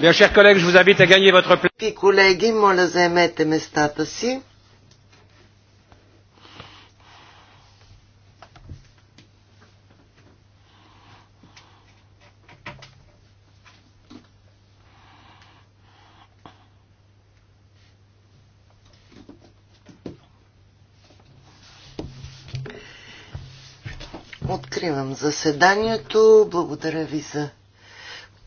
Bien, chers collègues, je vous invite à gagner votre place. Колеги, моля, заемете местата си. Откривам заседанието. Благодаря ви за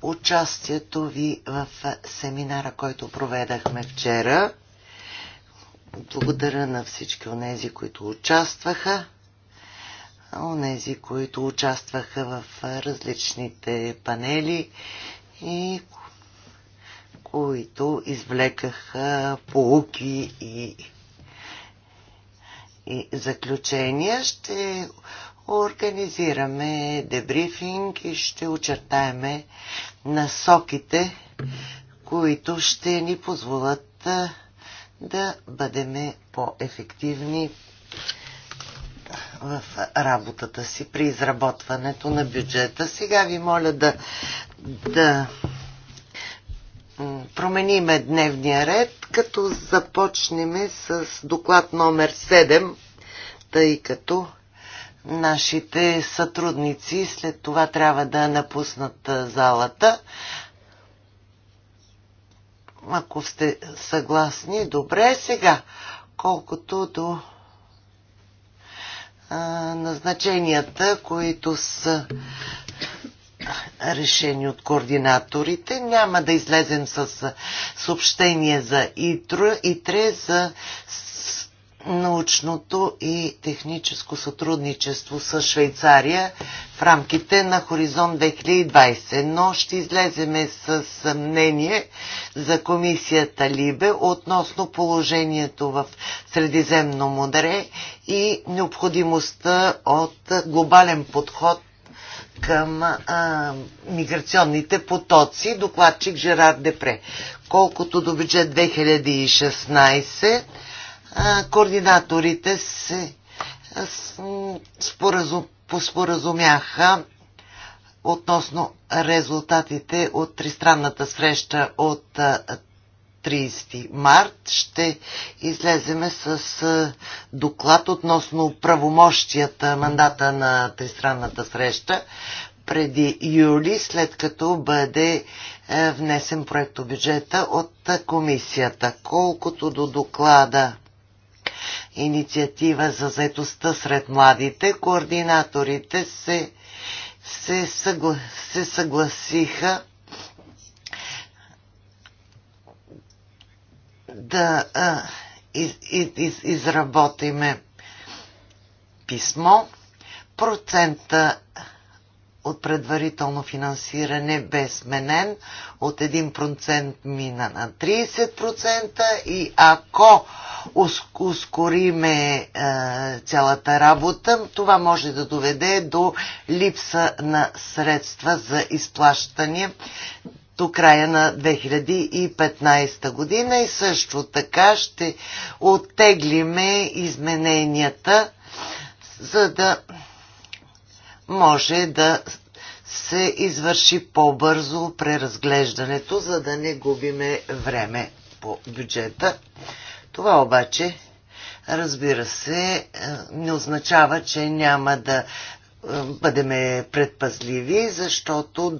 участието ви в семинара, който проведахме вчера. Благодаря на всички онези, които участваха, онези, които участваха в различните панели и които извлекаха полуки и, и заключения. Ще организираме дебрифинг и ще очертаеме насоките, които ще ни позволят да бъдем по-ефективни в работата си при изработването на бюджета. Сега ви моля да, да промениме дневния ред, като започнем с доклад номер 7, тъй като нашите сътрудници след това трябва да напуснат залата. Ако сте съгласни, добре. Сега, колкото до а, назначенията, които са решени от координаторите. Няма да излезем с съобщение за ИТРЕ за научното и техническо сътрудничество с Швейцария в рамките на Хоризонт 2020. Но ще излеземе с мнение за комисията Либе относно положението в Средиземно море и необходимостта от глобален подход към а, миграционните потоци, докладчик Жерар Депре. Колкото до бюджет 2016, координаторите се споразумяха относно резултатите от тристранната среща от 30 март. Ще излеземе с доклад относно правомощията, мандата на тристранната среща преди юли, след като бъде е, внесен бюджета от комисията. Колкото до доклада инициатива за заетостта сред младите, координаторите се, се, съгла, се съгласиха да а, из, из, из, изработиме писмо. Процента от предварително финансиране бе сменен от 1% мина на 30% и ако ускориме е, цялата работа, това може да доведе до липса на средства за изплащане до края на 2015 година и също така ще оттеглиме измененията, за да може да се извърши по-бързо преразглеждането, за да не губиме време по бюджета. Това обаче, разбира се, е, не означава, че няма да е, бъдеме предпазливи, защото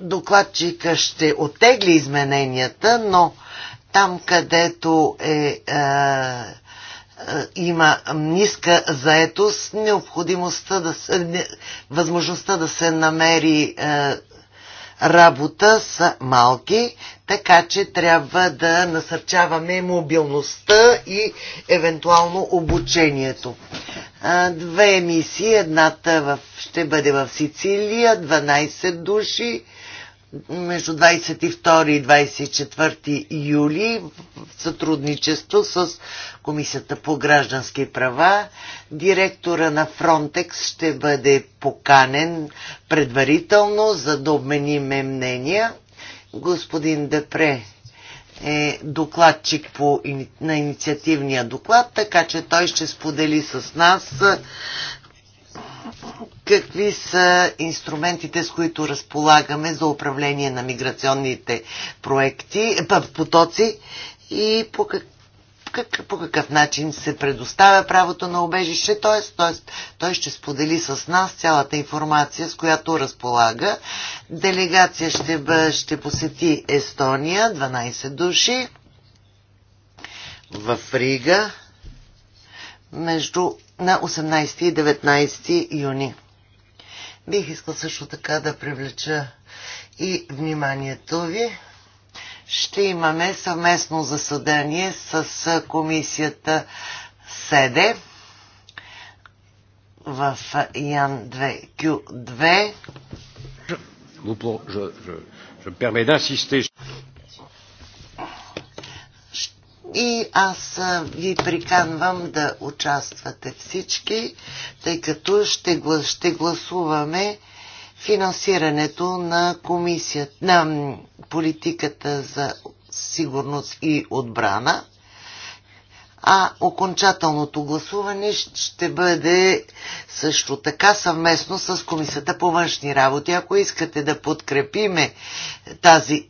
докладчика ще отегли измененията, но там, където е, е е, има ниска заетост, необходимостта да се, възможността да се намери е, работа са малки, така че трябва да насърчаваме мобилността и евентуално обучението. Е, две емисии, едната в, ще бъде в Сицилия, 12 души, между 22 и 24 юли в сътрудничество с Комисията по граждански права. Директора на Фронтекс ще бъде поканен предварително, за да обмениме мнения. Господин Депре е докладчик по, на инициативния доклад, така че той ще сподели с нас какви са инструментите, с които разполагаме за управление на миграционните проекти, потоци и по, как, как, по какъв начин се предоставя правото на обежище, т.е. Той, ще сподели с нас цялата информация, с която разполага. Делегация ще, бъ, ще посети Естония, 12 души, в Рига, между на 18 и 19 юни. Бих искал също така да привлеча и вниманието ви. Ще имаме съвместно заседание с комисията СЕДЕ в Ян 2Q2. И аз ви приканвам да участвате всички, тъй като ще, глас, ще гласуваме финансирането на комисията, на политиката за сигурност и отбрана, а окончателното гласуване ще бъде също така съвместно с Комисията по външни работи. Ако искате да подкрепиме тази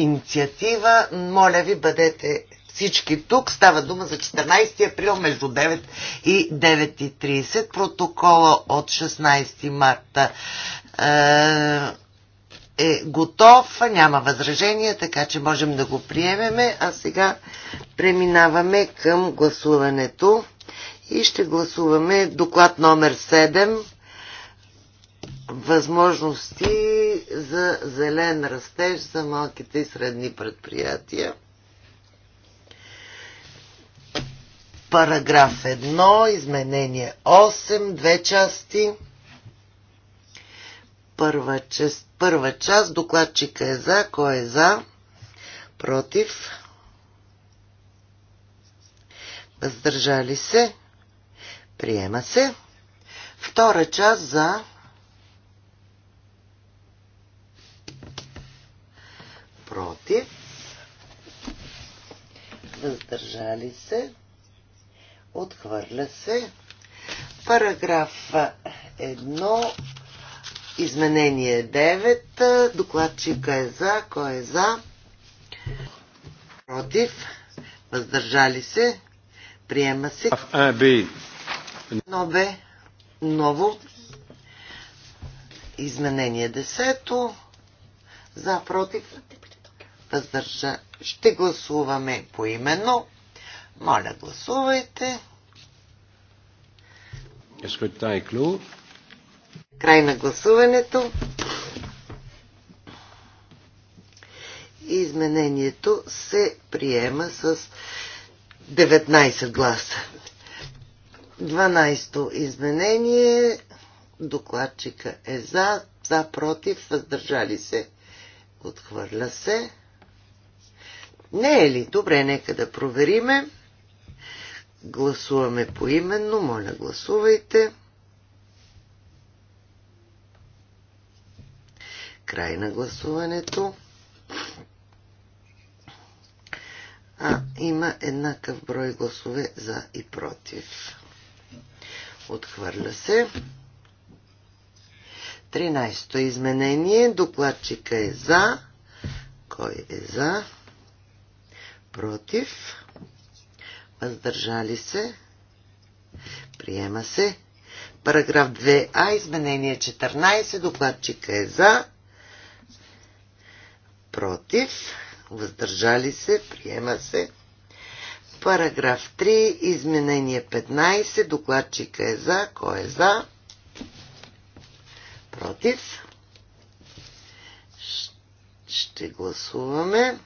инициатива. Моля ви, бъдете всички тук. Става дума за 14 април между 9 и 9.30. Протокола от 16 марта е, е готов, няма възражения, така че можем да го приемеме. А сега преминаваме към гласуването и ще гласуваме доклад номер 7 възможности за зелен растеж за малките и средни предприятия. Параграф 1, изменение 8, две части. Първа част, първа част докладчика е за, кой е за, против, въздържали се, приема се. Втора част за, против, въздържали се, отхвърля се. Параграф 1, изменение 9, докладчика е за, кой е за, против, въздържали се, приема се. Е, Нове, ново, изменение 10, за, против, въздържа. Ще гласуваме по именно. Моля, гласувайте. клю. Край на гласуването. Изменението се приема с 19 гласа. 12-то изменение. Докладчика е за, за, против, въздържали се. Отхвърля се. Не е ли? Добре, нека да провериме. Гласуваме поименно. Моля, гласувайте. Край на гласуването. А, има еднакъв брой гласове за и против. Отхвърля се. 13-то изменение. Докладчика е за. Кой е за? против, въздържали се, приема се. Параграф 2а, изменение 14, докладчика е за, против, въздържали се, приема се. Параграф 3, изменение 15, докладчика е за, кой е за, против. Ще гласуваме.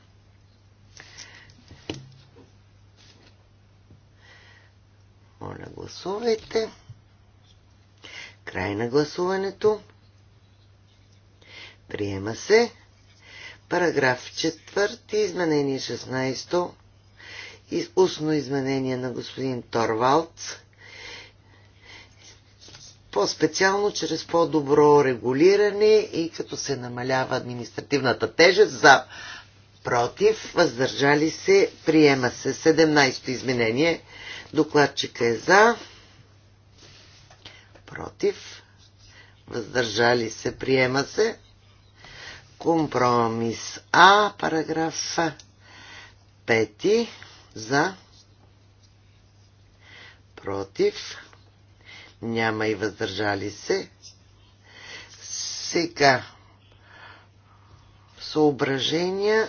Моля, гласувайте. Край на гласуването. Приема се. Параграф 4. Изменение 16. И устно изменение на господин Торвалц. По-специално чрез по-добро регулиране и като се намалява административната тежест за против, въздържали се, приема се. 17-то изменение Докладчика е за. Против. Въздържали се. Приема се. Компромис А. Параграф 5. За. Против. Няма и въздържали се. Сега. Съображения.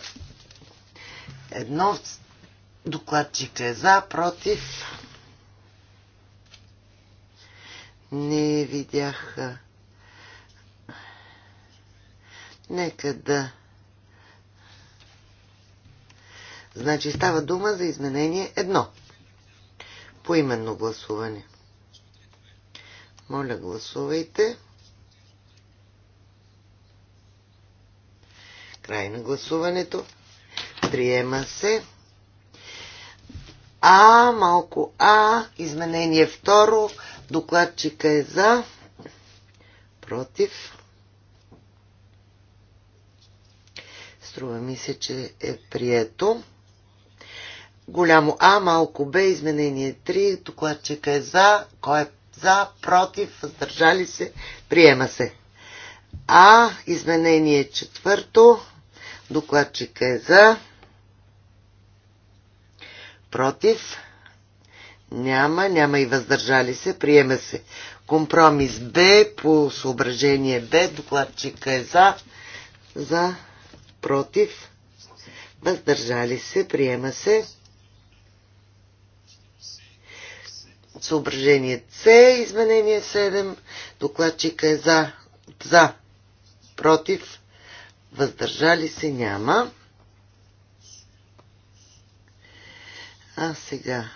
Едно Докладчика е за, против. Не видях. Нека да. Значи става дума за изменение едно. Поименно гласуване. Моля, гласувайте. Край на гласуването. Приема се. А, малко А, изменение второ, докладчика е за, против. Струва ми се, че е прието. Голямо А, малко Б, изменение 3, докладчика е за, кой е за, против, въздържали се, приема се. А, изменение четвърто, докладчика е за, против, няма, няма и въздържали се, приема се. Компромис Б по съображение Б, докладчика е за, за, против, въздържали се, приема се. Съображение С, изменение 7, докладчика е за, за, против, въздържали се, няма. А сега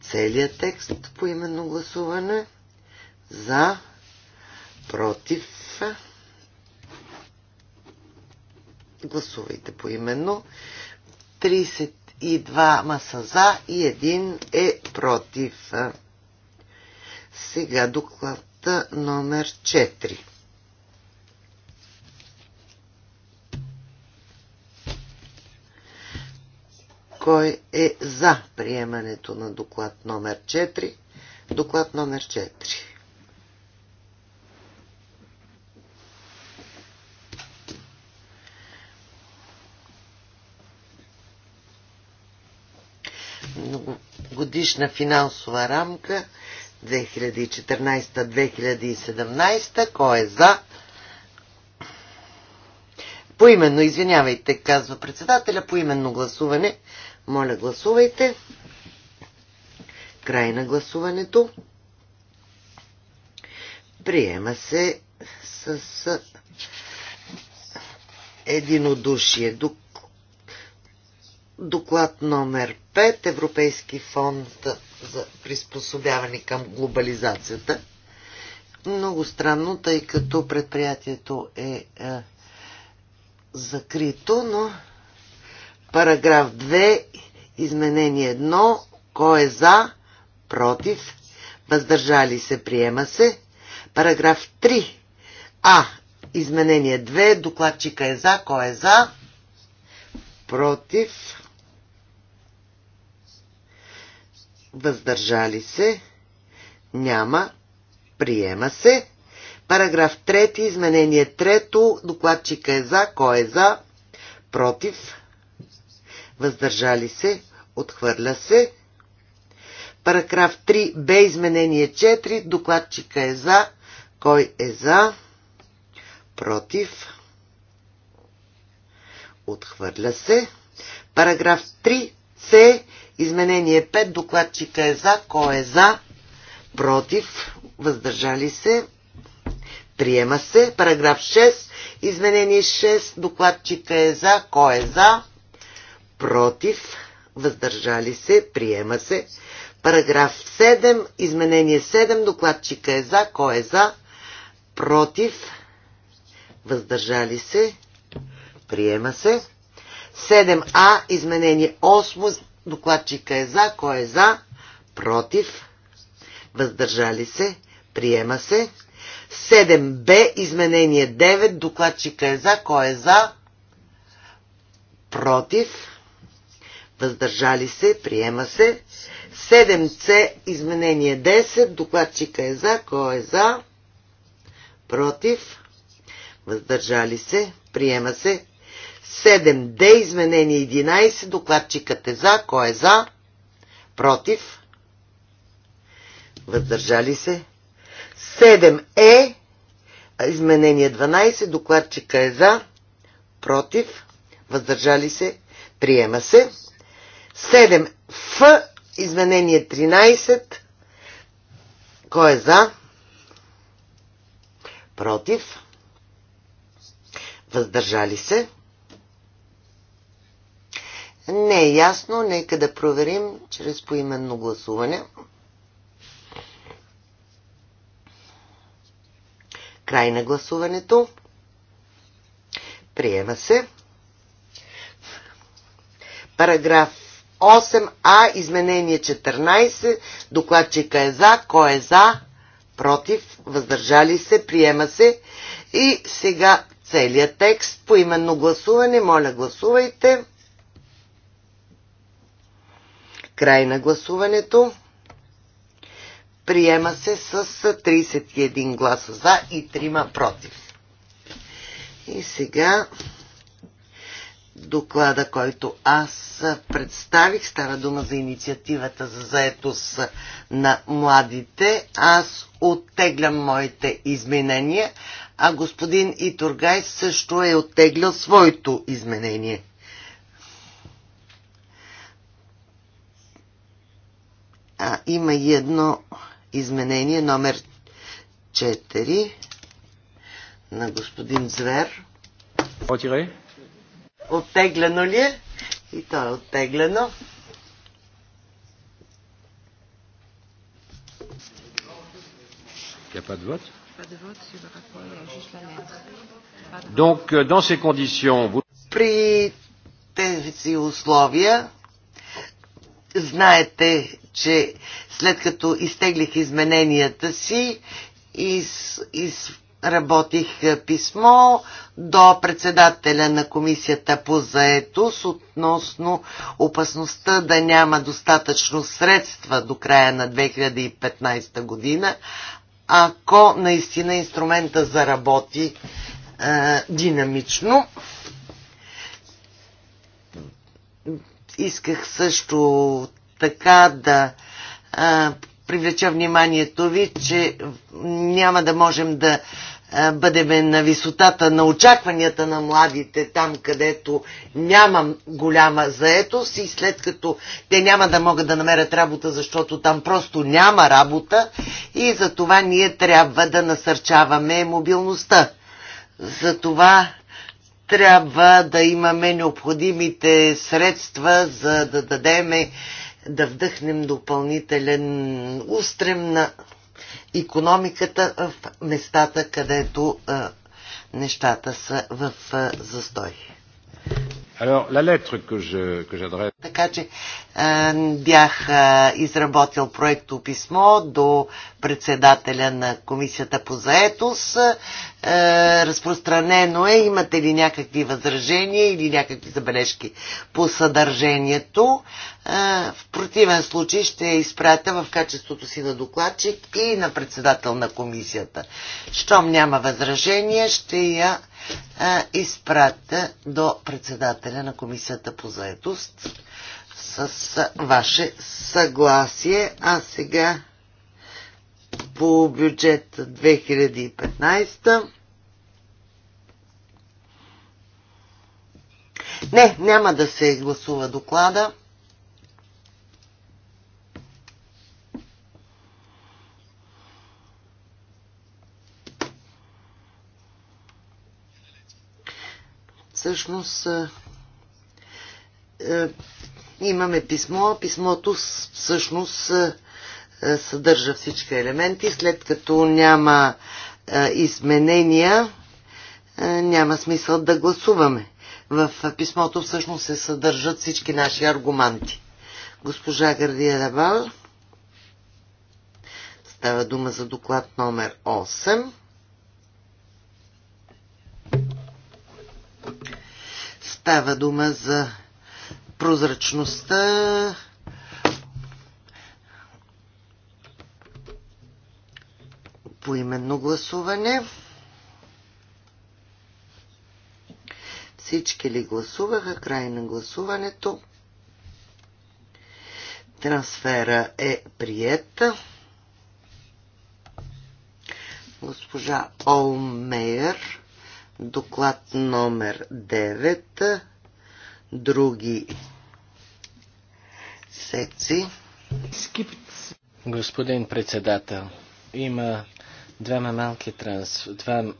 целият текст по именно гласуване за, против. Гласувайте по именно. 32 маса за и 1 е против. Сега доклад номер 4. Кой е за приемането на доклад номер 4? Доклад номер 4. Годишна финансова рамка 2014-2017. Кой е за? Поименно, извинявайте, казва председателя, поименно гласуване. Моля, гласувайте. Край на гласуването. Приема се с единодушие. Доклад номер 5. Европейски фонд за приспособяване към глобализацията. Много странно, тъй като предприятието е, е закрито, но параграф 2, изменение 1, кой е за, против, въздържали се, приема се. Параграф 3, а, изменение 2, докладчика е за, кой е за, против, въздържали се, няма, приема се. Параграф 3, изменение 3, докладчика е за, кой е за, против, въздържали се, отхвърля се. Параграф 3, Б, изменение 4, докладчика е за, кой е за, против, отхвърля се. Параграф 3, С, изменение 5, докладчика е за, кой е за, против, въздържали се, Приема се. Параграф 6. Изменение 6. Докладчика е за. Кой е за? Против. Въздържали се. Приема се. Параграф 7. Изменение 7. Докладчика е за. Кой е за? Против. Въздържали се. Приема се. 7А. Изменение 8. Докладчика е за. Кой е за? Против. Въздържали се. Приема се. 7Б, изменение 9, докладчика е за, кой е за, против, въздържали се, приема се. 7С, изменение 10, докладчика е за, кой е за, против, въздържали се, приема се. 7Д, изменение 11, докладчикът е за, кой е за, против, въздържали се, 7Е, изменение 12, докладчика е за, против, въздържали се, приема се. 7Ф, изменение 13, кой е за, против, въздържали се. Не е ясно, нека да проверим чрез поименно гласуване. Край на гласуването. Приема се. Параграф 8а, изменение 14. Докладчика е за. Кой е за? Против. Въздържали се. Приема се. И сега целият текст по именно гласуване. Моля, гласувайте. Край на гласуването. Приема се с 31 гласа за и 3 против. И сега доклада, който аз представих. Става дума за инициативата за заетост на младите. Аз оттеглям моите изменения, а господин Итургай също е оттеглял своето изменение. А, има и едно Изменение номер 4 на господин Звер. Отирай. Оттеглено ли е? И то е оттеглено. Il n'y a pas de vote Donc, euh, dans ces conditions, vous... При тези условия знаете, че след като изтеглих измененията си, из, из, работих е, писмо до председателя на комисията по заетост относно опасността да няма достатъчно средства до края на 2015 година, ако наистина инструмента заработи е, динамично. Исках също така да а, привлеча вниманието ви, че няма да можем да бъдем на висотата на очакванията на младите там, където няма голяма заетост и след като те няма да могат да намерят работа, защото там просто няма работа и за това ние трябва да насърчаваме мобилността. За това трябва да имаме необходимите средства, за да дадеме, да вдъхнем допълнителен устрем на економиката в местата, където а, нещата са в а, застой. Така че бях изработил проекто писмо до председателя на Комисията по заетост. разпространено е, имате ли някакви възражения или някакви забележки по съдържанието. в противен случай ще изпратя в качеството си на докладчик и на председател на комисията. Щом няма възражение, ще я а, изпратя до председателя на комисията по заедост с ваше съгласие. А сега по бюджет 2015. Не, няма да се гласува доклада. всъщност имаме писмо. Писмото всъщност съдържа всички елементи. След като няма изменения, няма смисъл да гласуваме. В писмото всъщност се съдържат всички наши аргументи. Госпожа Гардия Рабал, става дума за доклад номер 8. Става дума за прозрачността, поименно гласуване. Всички ли гласуваха? Край на гласуването. Трансфера е приета. Госпожа Олмейер Доклад номер 9. Други секции. Господин председател, има двама малки транс... два,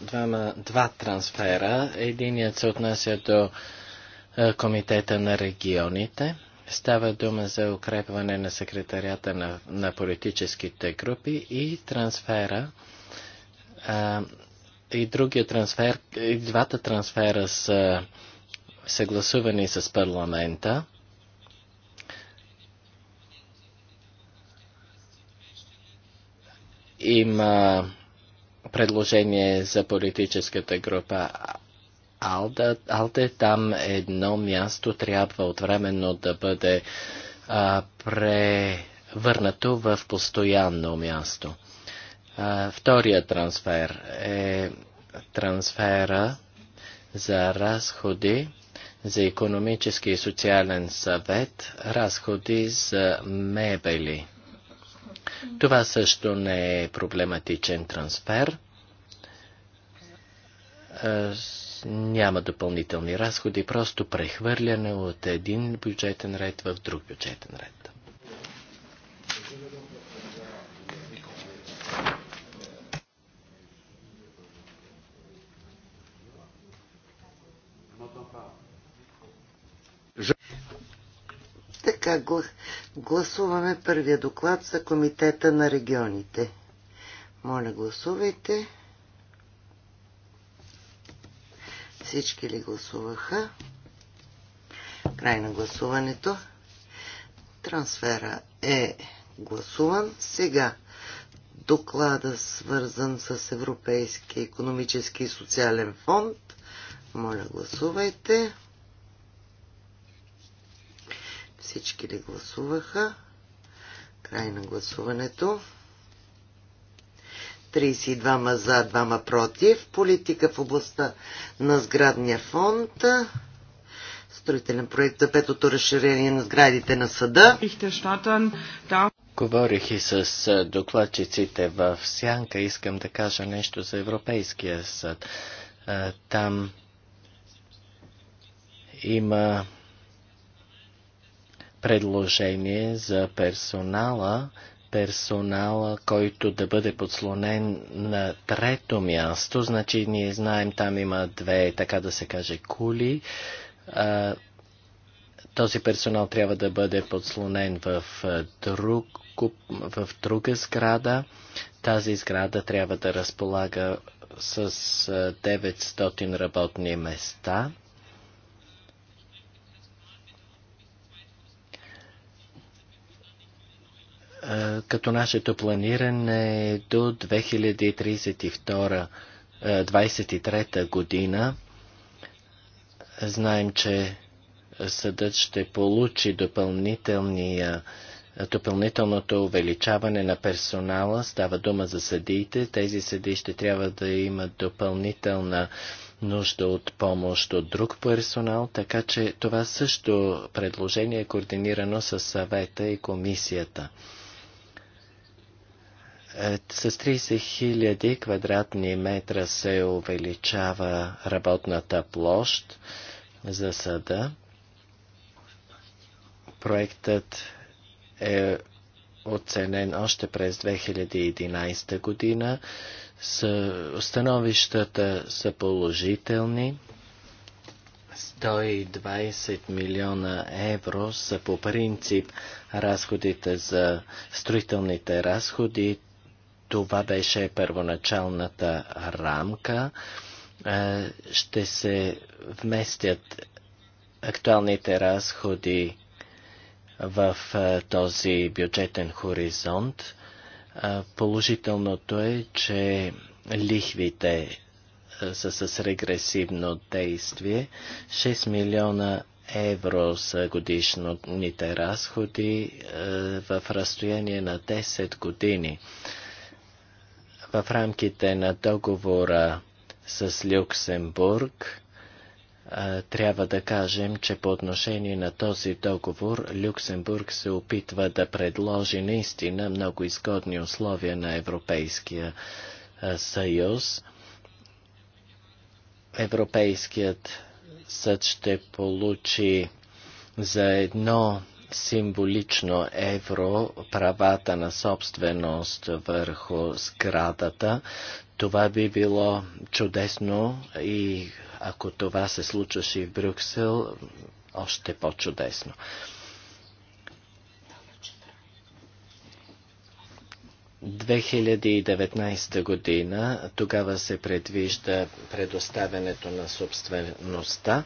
двама, два трансфера. Единият се отнася до е, Комитета на регионите. Става дума за укрепване на секретарията на, на политическите групи и трансфера е, и другия трансфер, и двата трансфера са съгласувани с парламента. Има предложение за политическата група Алда, Алде. Там едно място трябва отвременно да бъде а, превърнато в постоянно място. Втория трансфер е трансфера за разходи за економически и социален съвет, разходи за мебели. Това също не е проблематичен трансфер. Няма допълнителни разходи, просто прехвърляне от един бюджетен ред в друг бюджетен ред. Сега гласуваме първия доклад за Комитета на регионите. Моля, гласувайте. Всички ли гласуваха? Край на гласуването. Трансфера е гласуван. Сега доклада свързан с Европейския економически и социален фонд. Моля, гласувайте. Всички ли гласуваха? Край на гласуването. 32 за, 2 против. Политика в областта на сградния фонд. Строителен проект за петото разширение на сградите на съда. Говорих и с докладчиците в Сянка. Искам да кажа нещо за Европейския съд. Там има предложение за персонала, персонала, който да бъде подслонен на трето място. Значи ние знаем, там има две, така да се каже, кули. А, този персонал трябва да бъде подслонен в, друг, в друга сграда. Тази сграда трябва да разполага с 900 работни места. като нашето планиране е до 2032-2023 година. Знаем, че съдът ще получи допълнителния допълнителното увеличаване на персонала. Става дума за съдиите. Тези съдии ще трябва да имат допълнителна нужда от помощ от друг персонал, така че това също предложение е координирано с съвета и комисията. Е, с 30 000 квадратни метра се увеличава работната площ за съда. Проектът е оценен още през 2011 година. Становищата са положителни. 120 милиона евро са по принцип разходите за строителните разходи. Това беше първоначалната рамка. Е, ще се вместят актуалните разходи в е, този бюджетен хоризонт. Е, положителното е, че лихвите са с регресивно действие. 6 милиона евро са годишните разходи в разстояние на 10 години в рамките на договора с Люксембург, трябва да кажем, че по отношение на този договор Люксембург се опитва да предложи наистина много изгодни условия на Европейския съюз. Европейският съд ще получи за едно символично евро правата на собственост върху сградата. Това би било чудесно и ако това се случваше и в Брюксел, още по-чудесно. В 2019 година тогава се предвижда предоставянето на собствеността.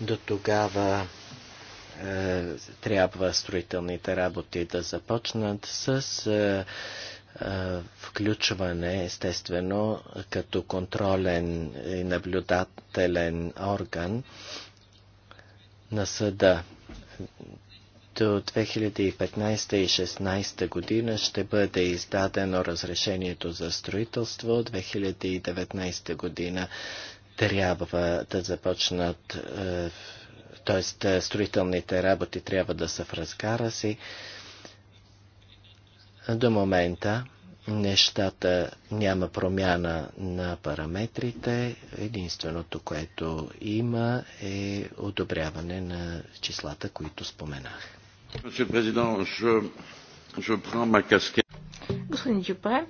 До тогава е, трябва строителните работи да започнат с е, е, включване, естествено, като контролен и наблюдателен орган на съда. До 2015 и 2016 година ще бъде издадено разрешението за строителство. 2019 година трябва да започнат е, т.е. строителните работи трябва да са в разгара си. До момента нещата няма промяна на параметрите. Единственото, което има е одобряване на числата, които споменах. Господин Дюпре,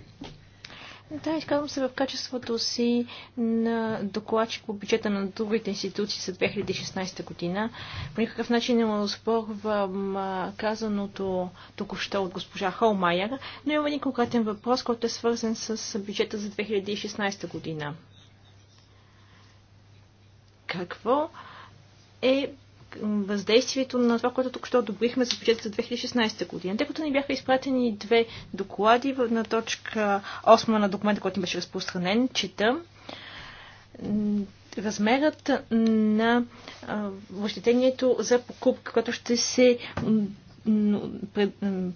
да, изказвам се в качеството си на докладчик по бюджета на другите институции за 2016 година. По никакъв начин не оспорвам казаното току-що от госпожа Холмайер, но има един конкретен въпрос, който е свързан с бюджета за 2016 година. Какво е въздействието на това, което тук ще одобрихме за бюджета за 2016 година. Тъй като ни бяха изпратени две доклади на точка 8 на документа, който ни беше разпространен, чета размерът на въщетението за покупка, което ще се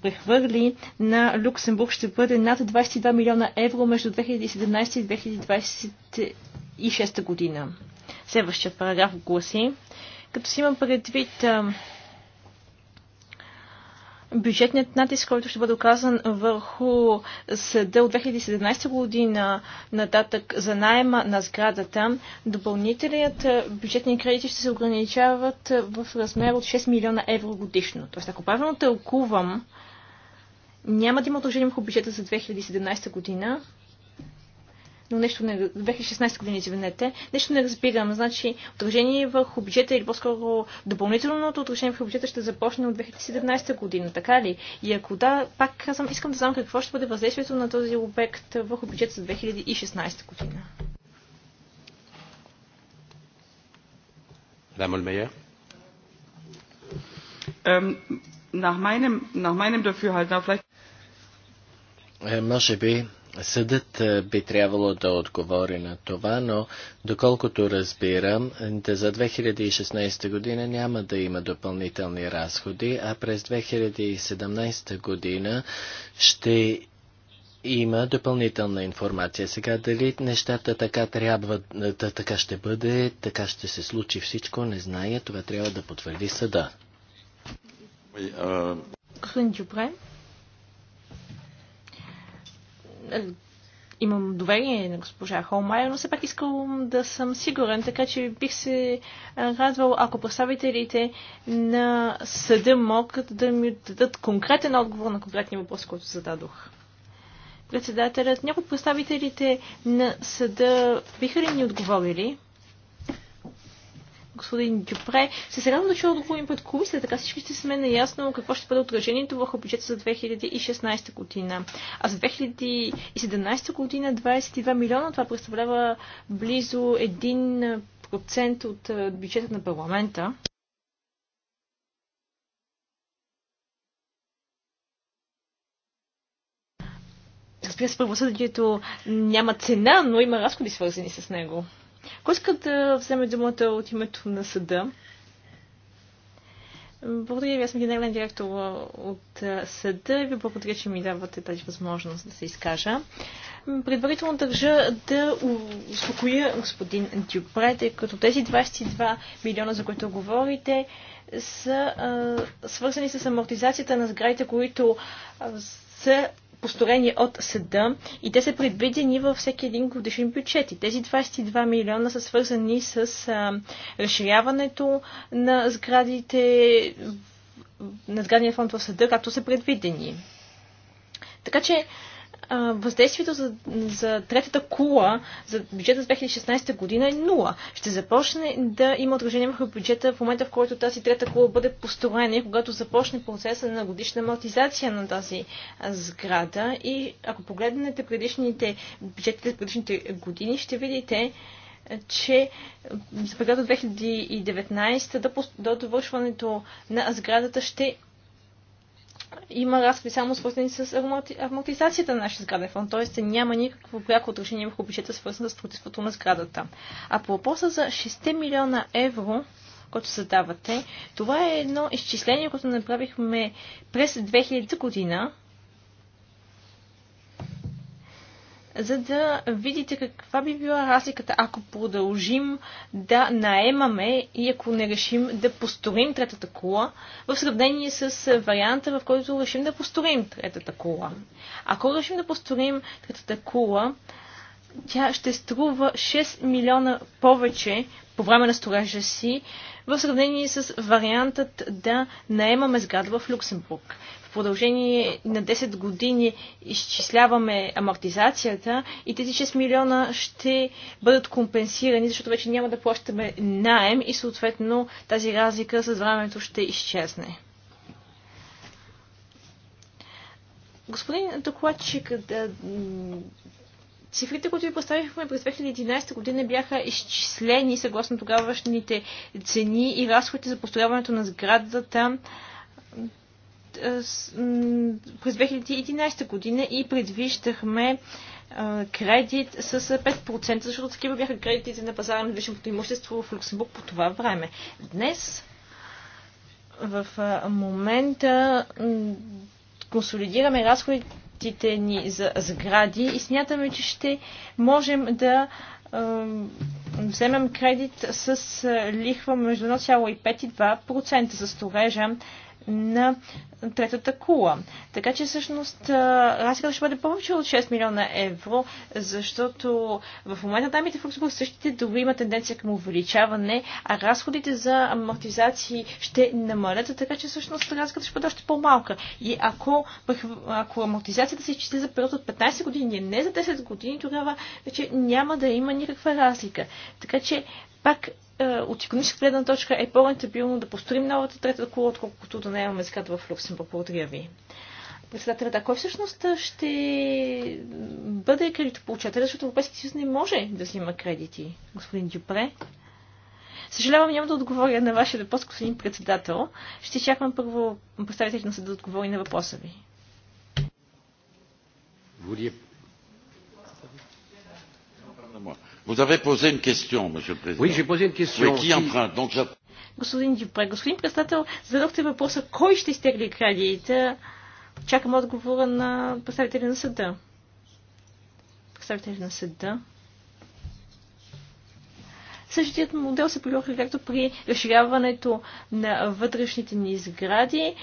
прехвърли на Люксембург ще бъде над 22 милиона евро между 2017 и 2026 година. Следващия параграф гласи, като си има предвид бюджетният натиск, който ще бъде оказан върху съда от 2017 година нататък за найема на сградата, допълнителният бюджетни кредити ще се ограничават в размер от 6 милиона евро годишно. Тоест, ако правилно тълкувам, няма да има отражение върху бюджета за 2017 година, но нещо не... 2016 години, извинете, нещо не разбирам. Значи, отражение е върху бюджета или по-скоро допълнителното отражение върху бюджета ще започне от 2017 година, така ли? И ако да, пак казвам, искам да знам какво ще бъде въздействието на този обект върху бюджета за 2016 година. Madame Olmeyer. Ähm, nach meinem, nach meinem Dafürhalten, vielleicht. Е, може би Съдът е, би трябвало да отговори на това, но доколкото разбирам, за 2016 година няма да има допълнителни разходи, а през 2017 година ще има допълнителна информация. Сега дали нещата така трябва, да, така ще бъде, така ще се случи всичко, не зная. Това трябва да потвърди съда. Господин Дюбре имам доверие на госпожа Холмайер, но все пак искам да съм сигурен, така че бих се радвал, ако представителите на съда могат да ми дадат конкретен отговор на конкретния въпрос, който зададох. Председателят, някои представителите на съда биха ли ни отговорили? господин Дюпре. Се се радвам да чуя отговорим пред комисията, така всички ще сме наясно какво ще бъде отражението върху бюджета за 2016 година. А за 2017 година 22 милиона, това представлява близо 1% от е, бюджета на парламента. разбира се, правосъдието няма цена, но има разходи свързани с него. Кой иска да вземе думата от името на съда? Благодаря ви, аз съм генерален директор от съда и ви благодаря, че ми давате тази възможност да се изкажа. Предварително държа да успокоя господин Дюпре, тъй като тези 22 милиона, за които говорите, са а, свързани с амортизацията на сградите, които а, са построени от съда и те са предвидени във всеки един годишен бюджет. И тези 22 милиона са свързани с а, разширяването на сградите, на сградния фонд в съда, както са предвидени. Така че а, въздействието за, за третата кула за бюджета за 2016 година е нула. Ще започне да има отражение върху бюджета в момента, в който тази трета кула бъде построена и когато започне процеса на годишна амортизация на тази сграда. И ако погледнете предишните бюджетите за предишните години, ще видите, че за периода 2019 до довършването на сградата ще има разходи само свързани с амортизацията на нашия сграден фонд, т.е. няма никакво пряко отражение върху бюджета, свързано с строителството на сградата. А по въпроса за 6 милиона евро, който задавате, това е едно изчисление, което направихме през 2000 година, за да видите каква би била разликата, ако продължим да наемаме и ако не решим да построим третата кула, в сравнение с варианта, в който решим да построим третата кола. Ако решим да построим третата кула, тя ще струва 6 милиона повече по време на стоража си, в сравнение с вариантът да наемаме сграда в Люксембург в продължение на 10 години изчисляваме амортизацията и тези 6 милиона ще бъдат компенсирани, защото вече няма да плащаме найем и съответно тази разлика с времето ще изчезне. Господин докладчик, да, цифрите, които ви поставихме през 2011 година бяха изчислени съгласно тогавашните цени и разходите за построяването на сградата през 2011 година и предвиждахме кредит с 5%, защото такива бяха кредитите на пазара на движимото имущество в Люксембург по това време. Днес в момента консолидираме разходите ни за сгради и смятаме, че ще можем да вземем кредит с лихва между 1,5 и 2% за сторежа на третата кула. Така че всъщност разликата ще бъде повече от 6 милиона евро, защото в момента дамите в Луксбург същите дори има тенденция към увеличаване, а разходите за амортизации ще намалят, така че всъщност разликата ще бъде още по-малка. И ако, ако амортизацията се изчисли за период от 15 години, не за 10 години, тогава вече няма да има никаква разлика. Така че пак е, от економическа гледна точка е по-рентабилно да построим новата трета кола, отколкото да имаме сграда в Люксембург. Благодаря ви. Председателят, а кой всъщност ще бъде кредитополучател, защото Европейския съюз не може да взима кредити, господин Дюпре? Съжалявам, няма да отговоря на вашия въпрос, господин председател. Ще чакам първо представителите на съда да отговори на въпроса ви. Vous avez posé une question, monsieur le président. Oui, j'ai posé une question. Oui, qui emprunte Donc, Господин Дюпре, господин председател, зададохте въпроса кой ще изтегли кредита. Чакам отговора на представители на съда. Представители на съда. Същият модел се прилага както при разширяването на вътрешните ни сгради,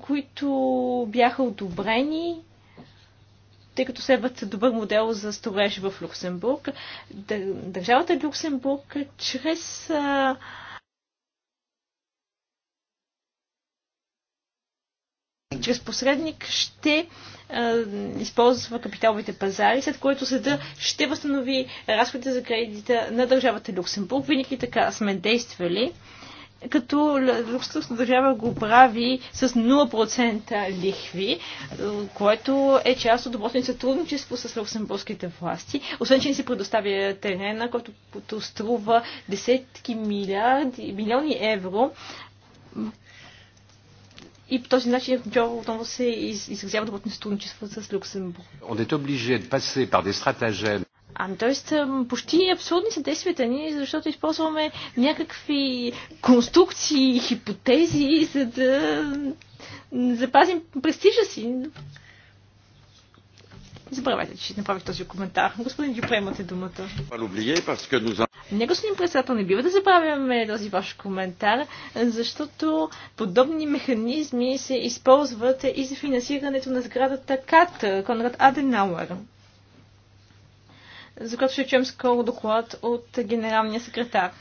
които бяха одобрени тъй като следват добър модел за строеж в Люксембург. Държавата Люксембург чрез чрез посредник ще а, използва капиталовите пазари, след което съда ще възстанови разходите за кредита на държавата Люксембург. Винаги така сме действали като руската държава го прави с 0% лихви, което е част от доброто сътрудничество с люксембургските власти. Освен, че ни се предоставя терена, който струва десетки милиарди, милиони евро, и по този начин Джо отново се изразява доброто сътрудничество с Люксембург. On est obligé de passer par des stratagèmes. Ами, т.е. почти абсурдни са действията ни, защото използваме някакви конструкции хипотези, за да запазим престижа си. Забравяйте, че направих този коментар. Господин Дюпре, имате думата. Не, господин председател, не бива да забравяме този ваш коментар, защото подобни механизми се използват и за финансирането на сградата КАТ, Конрад Аденауер за която ще чуем скоро доклад от генералния секретар.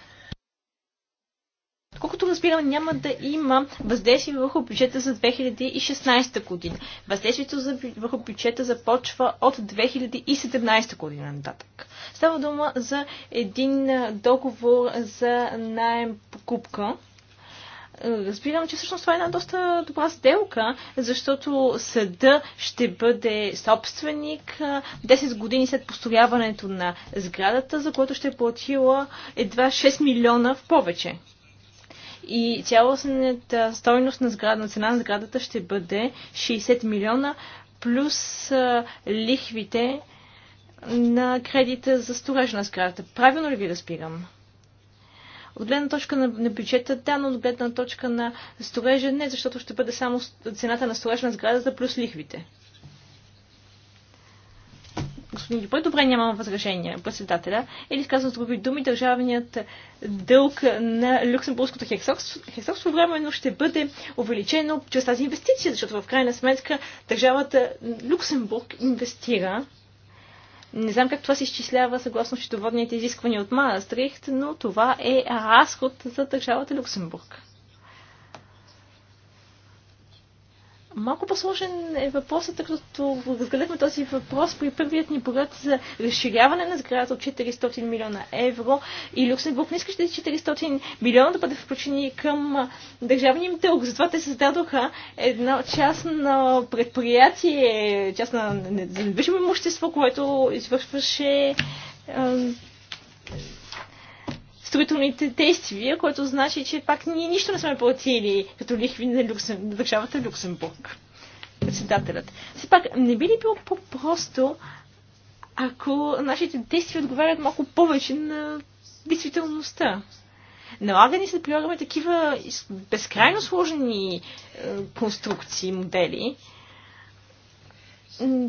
Колкото разбирам, няма да има въздействие върху бюджета за 2016 година. Въздействието за, върху бюджета започва от 2017 година нататък. Става дума за един договор за найем покупка, разбирам, че всъщност това е една доста добра сделка, защото съда ще бъде собственик 10 години след построяването на сградата, за което ще е платила едва 6 милиона в повече. И цялостната стойност на сграда, цена на сградата ще бъде 60 милиона плюс лихвите на кредита за сторежна сградата. Правилно ли ви разбирам? Да от гледна точка на, на бюджета, да, но от гледна точка на сторежа, не, защото ще бъде само цената на сторежна на сградата плюс лихвите. Господин Дюпой, добре, нямам възражения, председателя. Или казвам с други думи, държавният дълг на Люксембургското хексокство но ще бъде увеличено чрез тази инвестиция, защото в крайна сметка държавата Люксембург инвестира не знам как това се изчислява съгласно счетоводните изисквания от Маастрихт, но това е разход за държавата Люксембург. Малко по-сложен е въпросът, тъй като разгледахме този въпрос при първият ни проект за разширяване на сградата от 400 милиона евро и Люксембург не искаше тези 400 милиона да бъде включени към държавния им дълг. Затова те създадоха едно частно предприятие, частно недвижимо имущество, което извършваше строителните действия, което значи, че пак ние нищо не сме платили като лихви на, Люксем... на държавата Люксембург. Председателят. Все пак, не би ли било по-просто, ако нашите действия отговарят малко повече на действителността? Налага ни се да прилагаме такива безкрайно сложни е, конструкции, модели,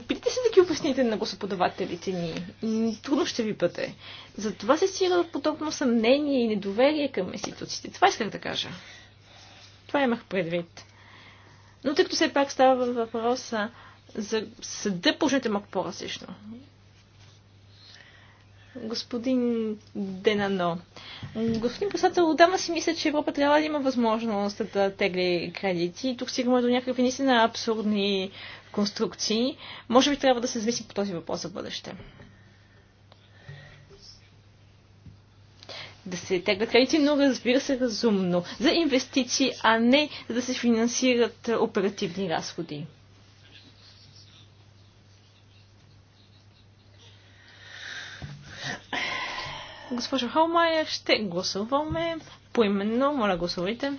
Питайте се да ги обясните на господавателите ни. Трудно ще ви бъде. Затова се сира подобно съмнение и недоверие към институциите. Това исках да кажа. Това имах предвид. Но тъй като все пак става въпроса за съда, положението малко по-различно господин Денано. Господин председател, отдавна си мисля, че Европа трябва да има възможност да тегли кредити. Тук стигаме до някакви наистина абсурдни конструкции. Може би трябва да се замислим по този въпрос за бъдеще. да се теглят кредити, но разбира се разумно, за инвестиции, а не за да се финансират оперативни разходи. Госпожо Холмайер, ще гласуваме поименно. Моля, гласувайте.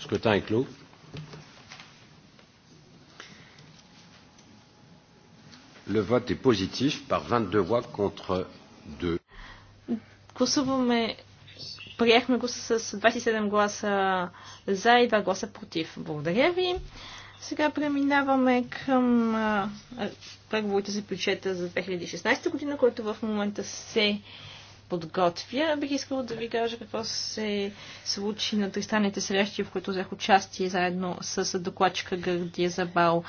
Скрутин е Le vote est positif par 22 voix contre 2. Гласуваме, приехме го с 27 гласа за и 2 гласа против. Благодаря ви. Сега преминаваме към преговорите за бюджета за 2016 година, който в момента се подготвя. Бих искала да ви кажа какво се случи на тристанните срещи, в които взех участие заедно с докладчика Гърдия Забал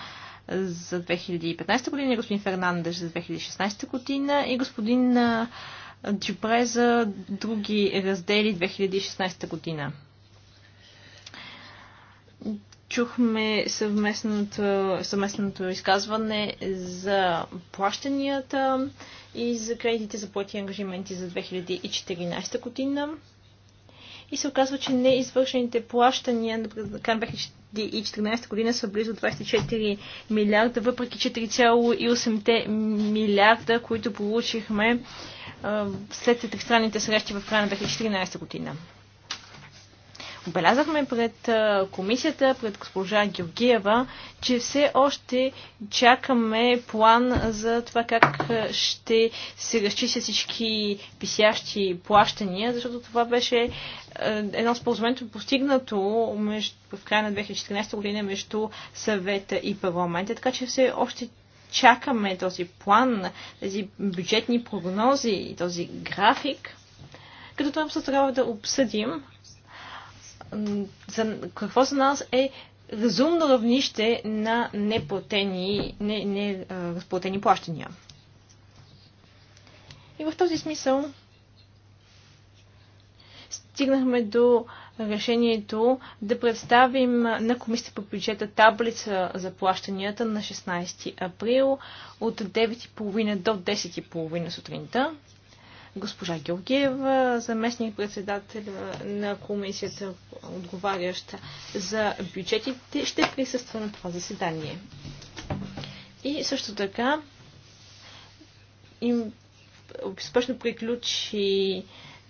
за 2015 година, господин Фернандеш за 2016 година и господин Джипре за други раздели 2016 година. Чухме съвместното, съвместното изказване за плащанията и за кредитите за плати ангажименти за 2014 година. И се оказва, че неизвършените плащания към 2014 година са близо 24 милиарда, въпреки 4,8 милиарда, които получихме след тристранните срещи в края на 2014 година. Обелязахме пред комисията, пред госпожа Георгиева, че все още чакаме план за това как ще се разчистят всички писящи плащания, защото това беше едно споразумение постигнато в края на 2014 година между съвета и парламента, така че все още чакаме този план, тези бюджетни прогнози и този график. Като това трябва да обсъдим за, какво за нас е разумно равнище на неплатени, не, не а, разплатени плащания. И в този смисъл стигнахме до решението да представим на Комисията по бюджета таблица за плащанията на 16 април от 9.30 до 10.30 сутринта. Госпожа Георгиева, заместник председател на комисията, отговаряща за бюджетите, ще присъства на това заседание. И също така им успешно приключи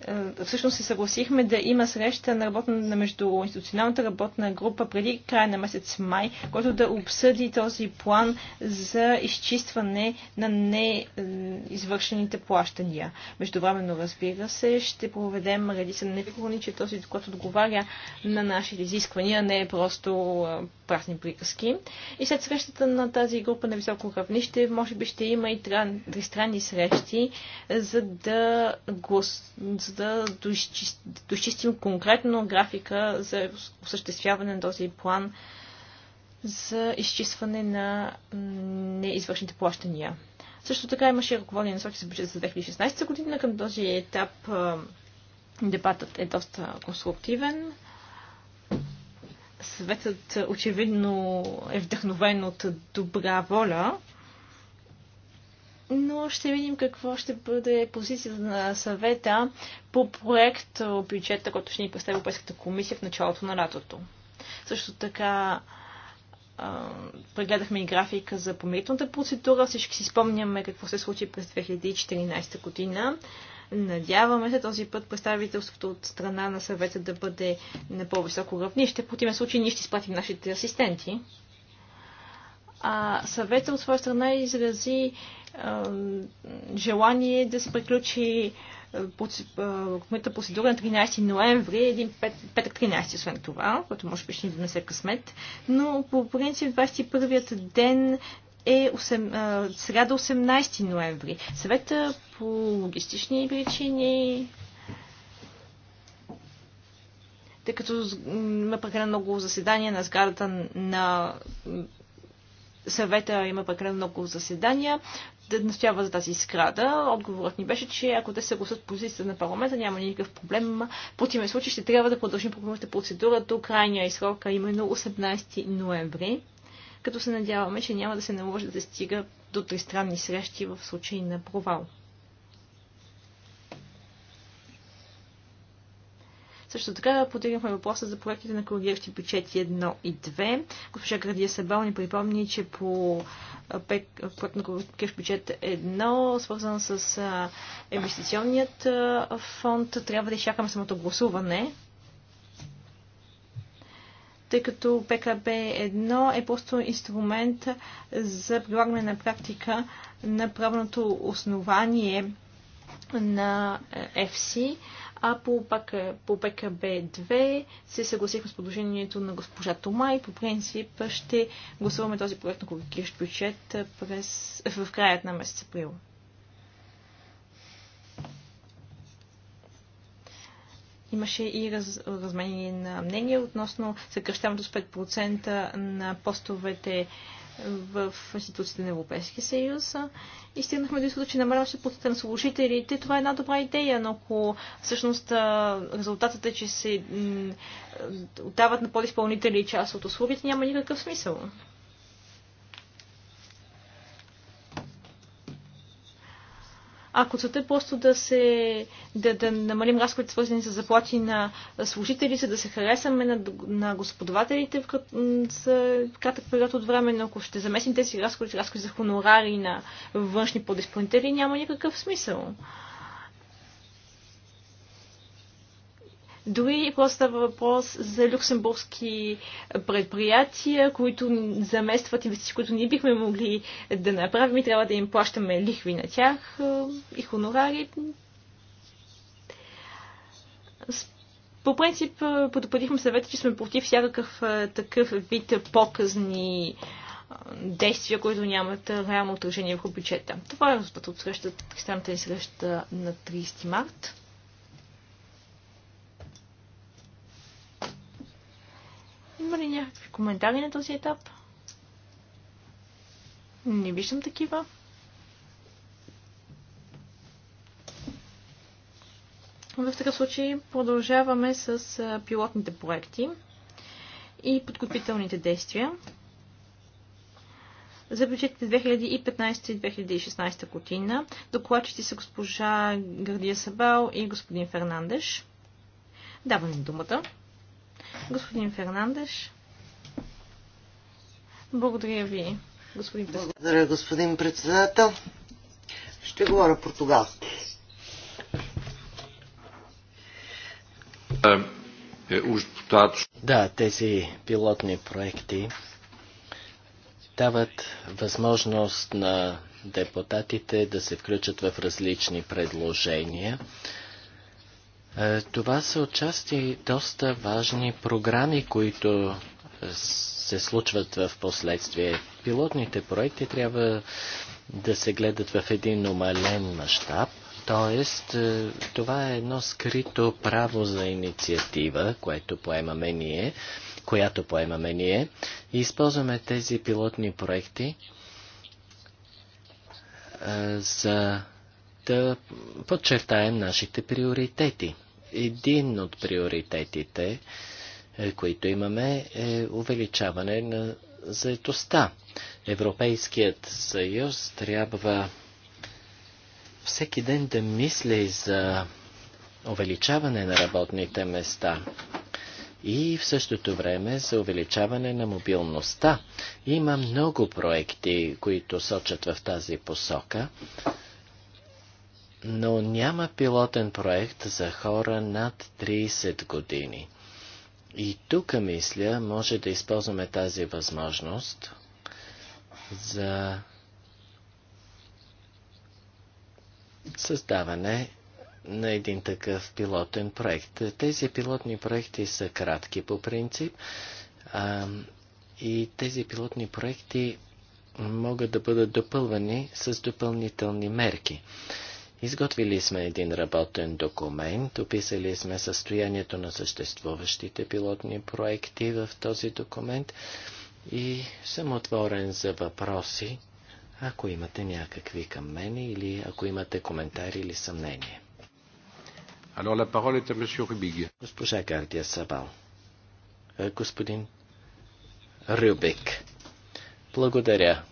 е, всъщност се съгласихме да има среща на, работна, на междуинституционалната работна група преди края на месец май, който да обсъди този план за изчистване на неизвършените плащания. Междувременно, разбира се, ще проведем редица нефикрони, че този доклад отговаря на нашите изисквания, не е просто празни приказки. И след срещата на тази група на високо равнище, може би ще има и тристранни срещи, за да, глас да дочистим конкретно графика за осъществяване на този план за изчистване на неизвършните плащания. Също така имаше ръководни насоки за бюджет за 2016 година. Към този етап дебатът е доста конструктивен. Съветът очевидно е вдъхновен от добра воля но ще видим какво ще бъде позицията на съвета по проект бюджета, който ще ни представи Европейската комисия в началото на лятото. Също така прегледахме и графика за помирителната процедура. Всички си спомняме какво се случи през 2014 година. Надяваме се този път представителството от страна на съвета да бъде на по-високо равнище. В противен случай ние ще изпратим нашите асистенти а съвета от своя страна изрази а, желание да се приключи кмета процедура на 13 ноември, един пет, петък 13, освен това, което може би ще ни донесе късмет. Но по принцип 21-ят ден е 8, сряда 18 ноември. Съвета по логистични причини, тъй като има прекалено много заседания на сградата на съвета има прекалено много заседания, да настоява за тази сграда. Отговорът ни беше, че ако те се гласат позицията на парламента, няма никакъв проблем. В противен случай ще трябва да продължим програмната процедура до крайния срок, а именно 18 ноември, като се надяваме, че няма да се наложи да се стига до тристранни срещи в случай на провал. Също така подигнахме въпроса за проектите на коригиращи бюджети 1 и 2. Госпожа Градия Сабал ни припомни, че по проект на коригиращ бюджет 1, свързан с инвестиционният фонд, трябва да изчакаме самото гласуване, тъй като ПКБ-1 е просто инструмент за прилагане на практика на правното основание на ФСИ а по, пкб 2 се съгласихме с предложението на госпожа Тома и по принцип ще гласуваме този проект на коригиращ бюджет през, в краят на месец април. имаше и раз, разменение на мнение относно съкръщаването с 5% на постовете в институциите на Европейския съюз и стигнахме до изхода, че намаляваме щепотата на служителите. Това е една добра идея, но ако всъщност резултатът е, че се отдават на подизпълнители част от услугите, няма никакъв смисъл. Ако целта е просто да се да, да намалим разходите, свързани с заплати на служители, за да се харесаме на, на господавателите в, за кратък период от време, но ако ще замесим тези разходи, разходи за хонорари на външни подиспълнители, няма никакъв смисъл. Дори просто въпрос за люксембургски предприятия, които заместват инвестиции, които ние бихме могли да направим и трябва да им плащаме лихви на тях и хонорари. По принцип, подоплатихме съвета, че сме против всякакъв такъв вид показни действия, които нямат реално отражение върху бюджета. Това е резултат от срещата, срещата на 30 март. Има ли някакви коментари на този етап? Не виждам такива. В такъв случай продължаваме с пилотните проекти и подготвителните действия за бюджетите 2015 и 2016 година. Докладчици са госпожа Гърдия Сабал и господин Фернандеш. Даваме им думата. Господин Фернандеш. Благодаря ви, господин председател. Благодаря, господин председател. Ще говоря португалски. Е, е, да, тези пилотни проекти дават възможност на депутатите да се включат в различни предложения. Е, това са отчасти доста важни програми, които е, се случват в последствие. Пилотните проекти трябва да се гледат в един умален мащаб, Тоест, е, това е едно скрито право за инициатива, което поемаме ние, която поемаме ние. И използваме тези пилотни проекти за да подчертаем нашите приоритети един от приоритетите, е, които имаме, е увеличаване на заетостта. Европейският съюз трябва всеки ден да мисли за увеличаване на работните места и в същото време за увеличаване на мобилността. Има много проекти, които сочат в тази посока но няма пилотен проект за хора над 30 години. И тук, мисля, може да използваме тази възможност за създаване на един такъв пилотен проект. Тези пилотни проекти са кратки по принцип а, и тези пилотни проекти могат да бъдат допълвани с допълнителни мерки. Изготвили сме един работен документ, описали сме състоянието на съществуващите пилотни проекти в този документ и съм отворен за въпроси, ако имате някакви към мен или ако имате коментари или съмнение. Alors la parole est à monsieur Rubig. Госпожа Гардия Сабал. Е, господин Рюбик. Благодаря.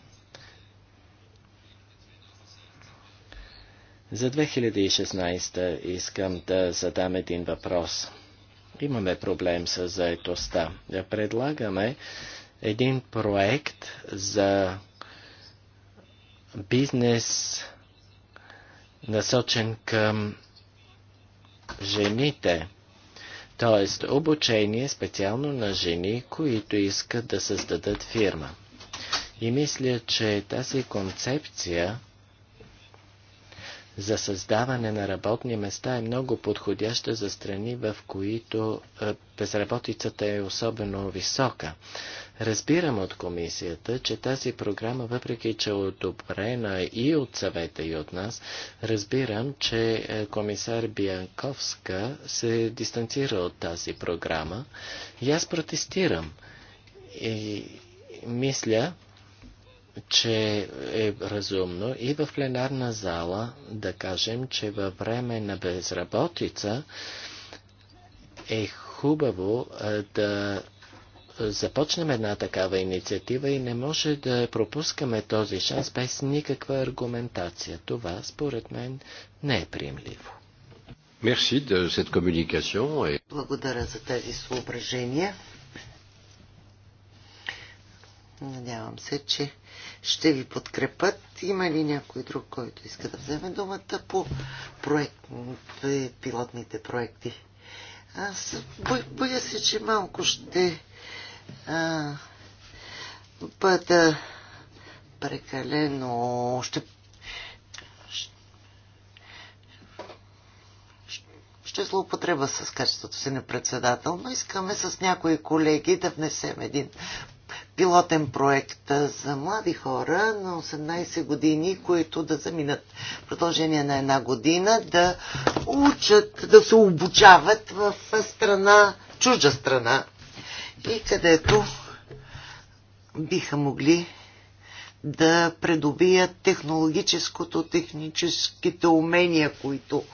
За 2016 искам да задам един въпрос. Имаме проблем с заетостта. Предлагаме един проект за бизнес, насочен към жените т.е. обучение специално на жени, които искат да създадат фирма. И мисля, че тази концепция за създаване на работни места е много подходяща за страни, в които е, безработицата е особено висока. Разбирам от комисията, че тази програма, въпреки че е одобрена и от съвета и от нас, разбирам, че е, комисар Бианковска се дистанцира от тази програма и аз протестирам. И мисля, че е разумно и в пленарна зала да кажем, че във време на безработица е хубаво да започнем една такава инициатива и не може да пропускаме този шанс без никаква аргументация. Това, според мен, не е приемливо. Благодаря за тези съображения. Надявам се, че ще ви подкрепат. Има ли някой друг, който иска да вземе думата по проект, пилотните проекти? Аз боя се, че малко ще а, бъда прекалено... Ще, ще злоупотреба с качеството си на председател, но искаме с някои колеги да внесем един пилотен проект за млади хора на 18 години, които да заминат в продължение на една година да учат, да се обучават в страна, чужда страна и където биха могли да предобият технологическото, техническите умения, които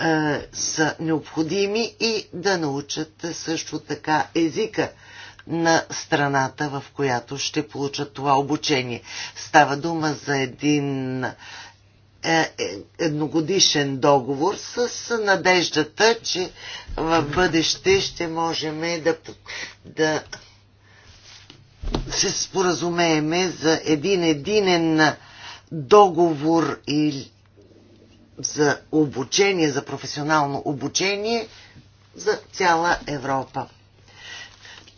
е, са необходими и да научат също така езика, на страната, в която ще получат това обучение. Става дума за един е, е, едногодишен договор с надеждата, че в бъдеще ще можем да, да се споразумееме за един единен договор и за обучение, за професионално обучение за цяла Европа.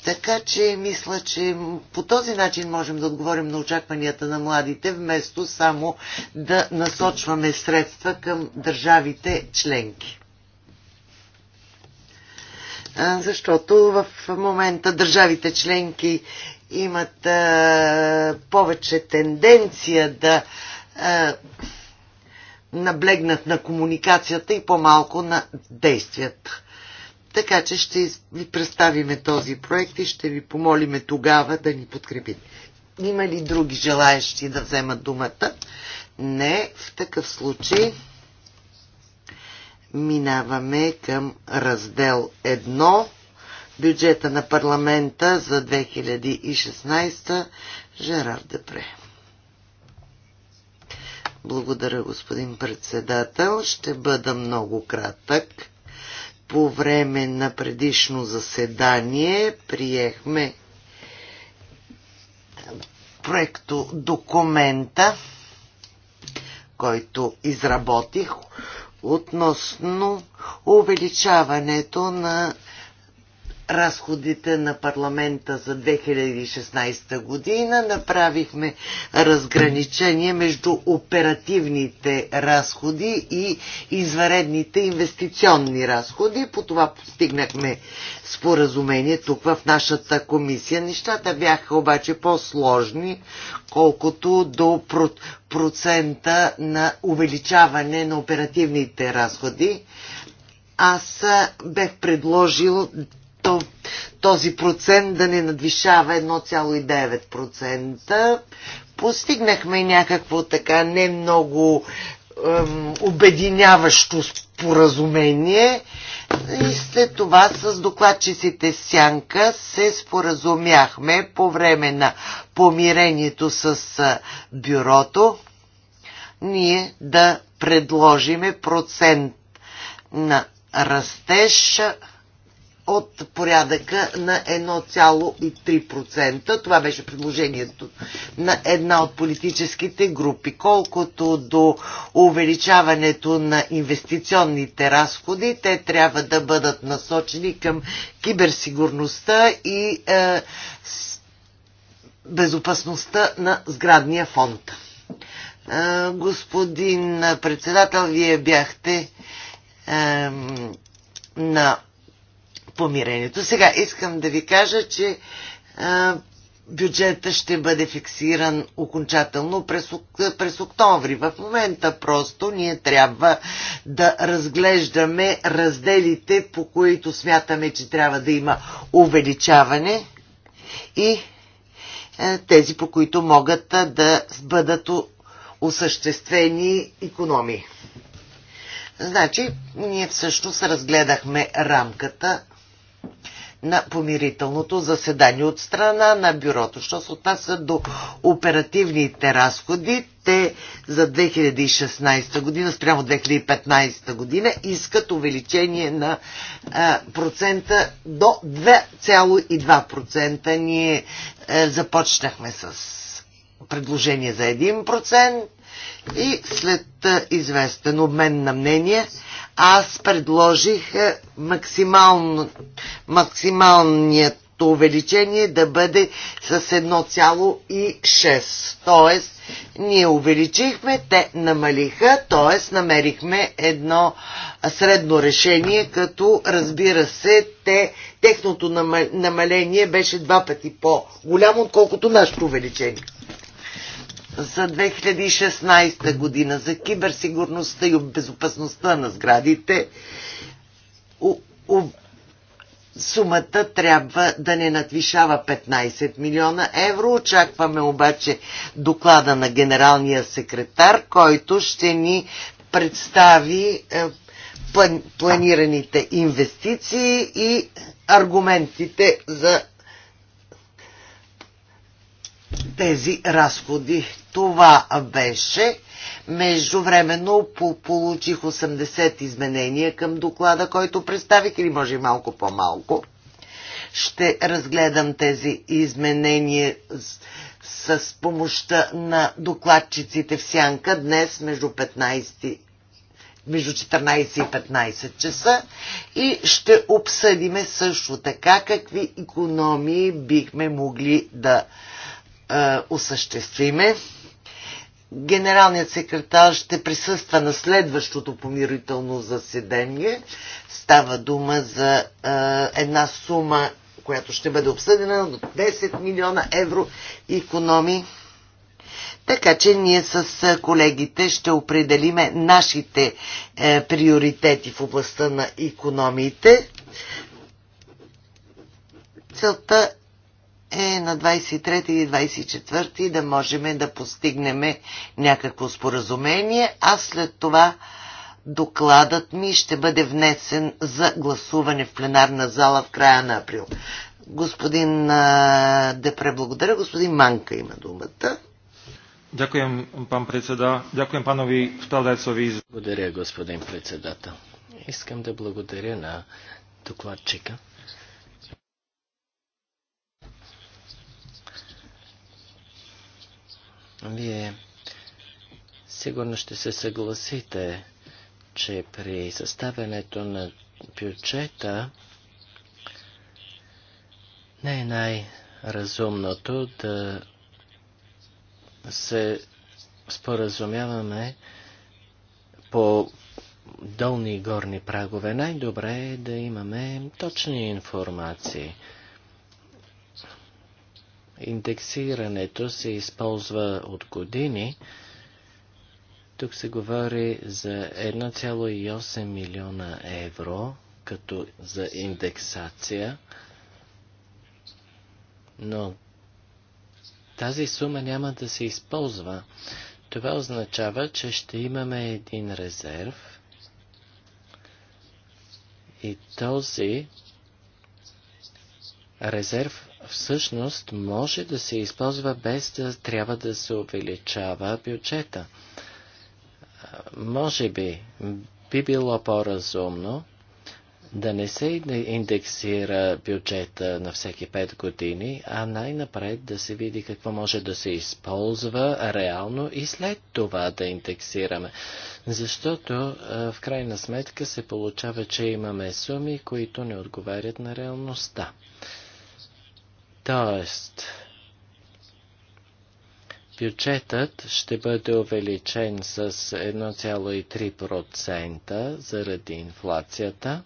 Така че мисля, че по този начин можем да отговорим на очакванията на младите, вместо само да насочваме средства към държавите членки. Защото в момента държавите членки имат а, повече тенденция да а, наблегнат на комуникацията и по-малко на действията. Така че ще ви представиме този проект и ще ви помолиме тогава да ни подкрепите. Има ли други желаящи да вземат думата? Не. В такъв случай минаваме към раздел 1 бюджета на парламента за 2016 Жерар Депре. Благодаря, господин председател. Ще бъда много кратък по време на предишно заседание приехме проекто документа, който изработих относно увеличаването на разходите на парламента за 2016 година. Направихме разграничение между оперативните разходи и изваредните инвестиционни разходи. По това постигнахме споразумение тук в нашата комисия. Нещата бяха обаче по-сложни, колкото до процента на увеличаване на оперативните разходи. Аз бех предложил то, този процент да не надвишава 1,9%. Постигнахме някакво така не много ем, обединяващо споразумение и след това с докладчиците Сянка се споразумяхме по време на помирението с е, бюрото ние да предложиме процент на растеж от порядъка на 1,3%. Това беше предложението на една от политическите групи. Колкото до увеличаването на инвестиционните разходи, те трябва да бъдат насочени към киберсигурността и е, безопасността на сградния фонд. Е, господин председател, вие бяхте е, на помирението. Сега искам да ви кажа, че а, бюджета ще бъде фиксиран окончателно през, през октомври. В момента просто ние трябва да разглеждаме разделите, по които смятаме, че трябва да има увеличаване и а, тези, по които могат да бъдат осъществени економии. Значи, ние всъщност разгледахме рамката на помирителното заседание от страна на бюрото. Що се отнася до оперативните разходи, те за 2016 година спрямо 2015 година искат увеличение на а, процента до 2,2%. Ние а, започнахме с предложение за 1% и след известен обмен на мнение аз предложих е, максимално, максималният увеличение да бъде с 1,6. Тоест, ние увеличихме, те намалиха, т.е. намерихме едно средно решение, като разбира се, те, техното намаление беше два пъти по-голямо, отколкото нашето увеличение за 2016 година за киберсигурността и безопасността на сградите, у, у, сумата трябва да не надвишава 15 милиона евро. Очакваме обаче доклада на генералния секретар, който ще ни представи е, план, планираните инвестиции и аргументите за тези разходи. Това беше. Междувременно по получих 80 изменения към доклада, който представих, или може и малко по-малко. Ще разгледам тези изменения с, с помощта на докладчиците в Сянка днес между 15 между 14 и 15 часа и ще обсъдиме също така какви економии бихме могли да е, осъществиме генералният секретар ще присъства на следващото помирително заседание. Става дума за е, една сума, която ще бъде обсъдена от 10 милиона евро економи. Така че ние с колегите ще определиме нашите е, приоритети в областта на економиите. Целта е на 23 и 24 да можем да постигнем някакво споразумение, а след това докладът ми ще бъде внесен за гласуване в пленарна зала в края на април. Господин Депре, благодаря. Господин Манка има думата. Дякуем, пан председа. Дякуем панови вталецови. Благодаря, господин председател. Искам да благодаря на докладчика. Вие сигурно ще се съгласите, че при съставянето на бюджета не е най-разумното да се споразумяваме по долни и горни прагове. Най-добре е да имаме точни информации – Индексирането се използва от години. Тук се говори за 1,8 милиона евро като за индексация, но тази сума няма да се използва. Това означава, че ще имаме един резерв и този резерв всъщност може да се използва без да трябва да се увеличава бюджета. Може би би било по-разумно да не се индексира бюджета на всеки 5 години, а най-напред да се види какво може да се използва реално и след това да индексираме. Защото в крайна сметка се получава, че имаме суми, които не отговарят на реалността. Тоест, бюджетът ще бъде увеличен с 1,3% заради инфлацията.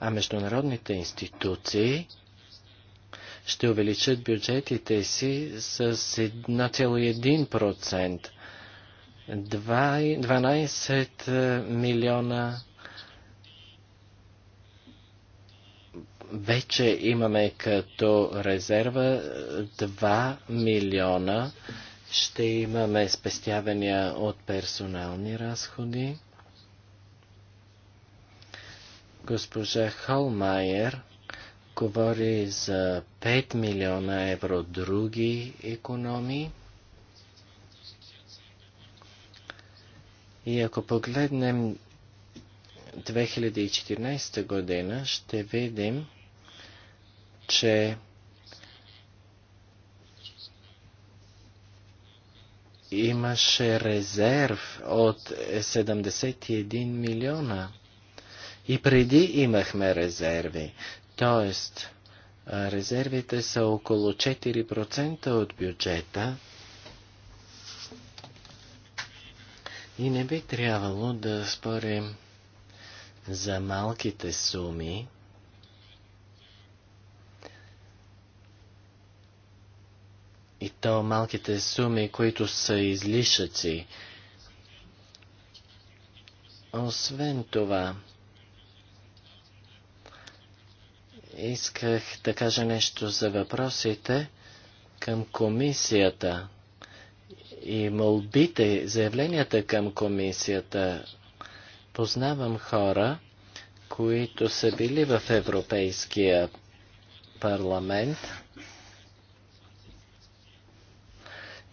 А международните институции ще увеличат бюджетите си с 1,1%. 12 е, милиона вече имаме като резерва 2 милиона. Ще имаме спестявания от персонални разходи. Госпожа Холмайер говори за 5 милиона евро други економии. И ако погледнем 2014 година, ще видим, че имаше резерв от 71 милиона. И преди имахме резерви. Тоест, резервите са около 4% от бюджета И не би трябвало да спорим за малките суми, и то малките суми, които са излишъци. Освен това, исках да кажа нещо за въпросите към комисията и молбите, заявленията към комисията. Познавам хора, които са били в Европейския парламент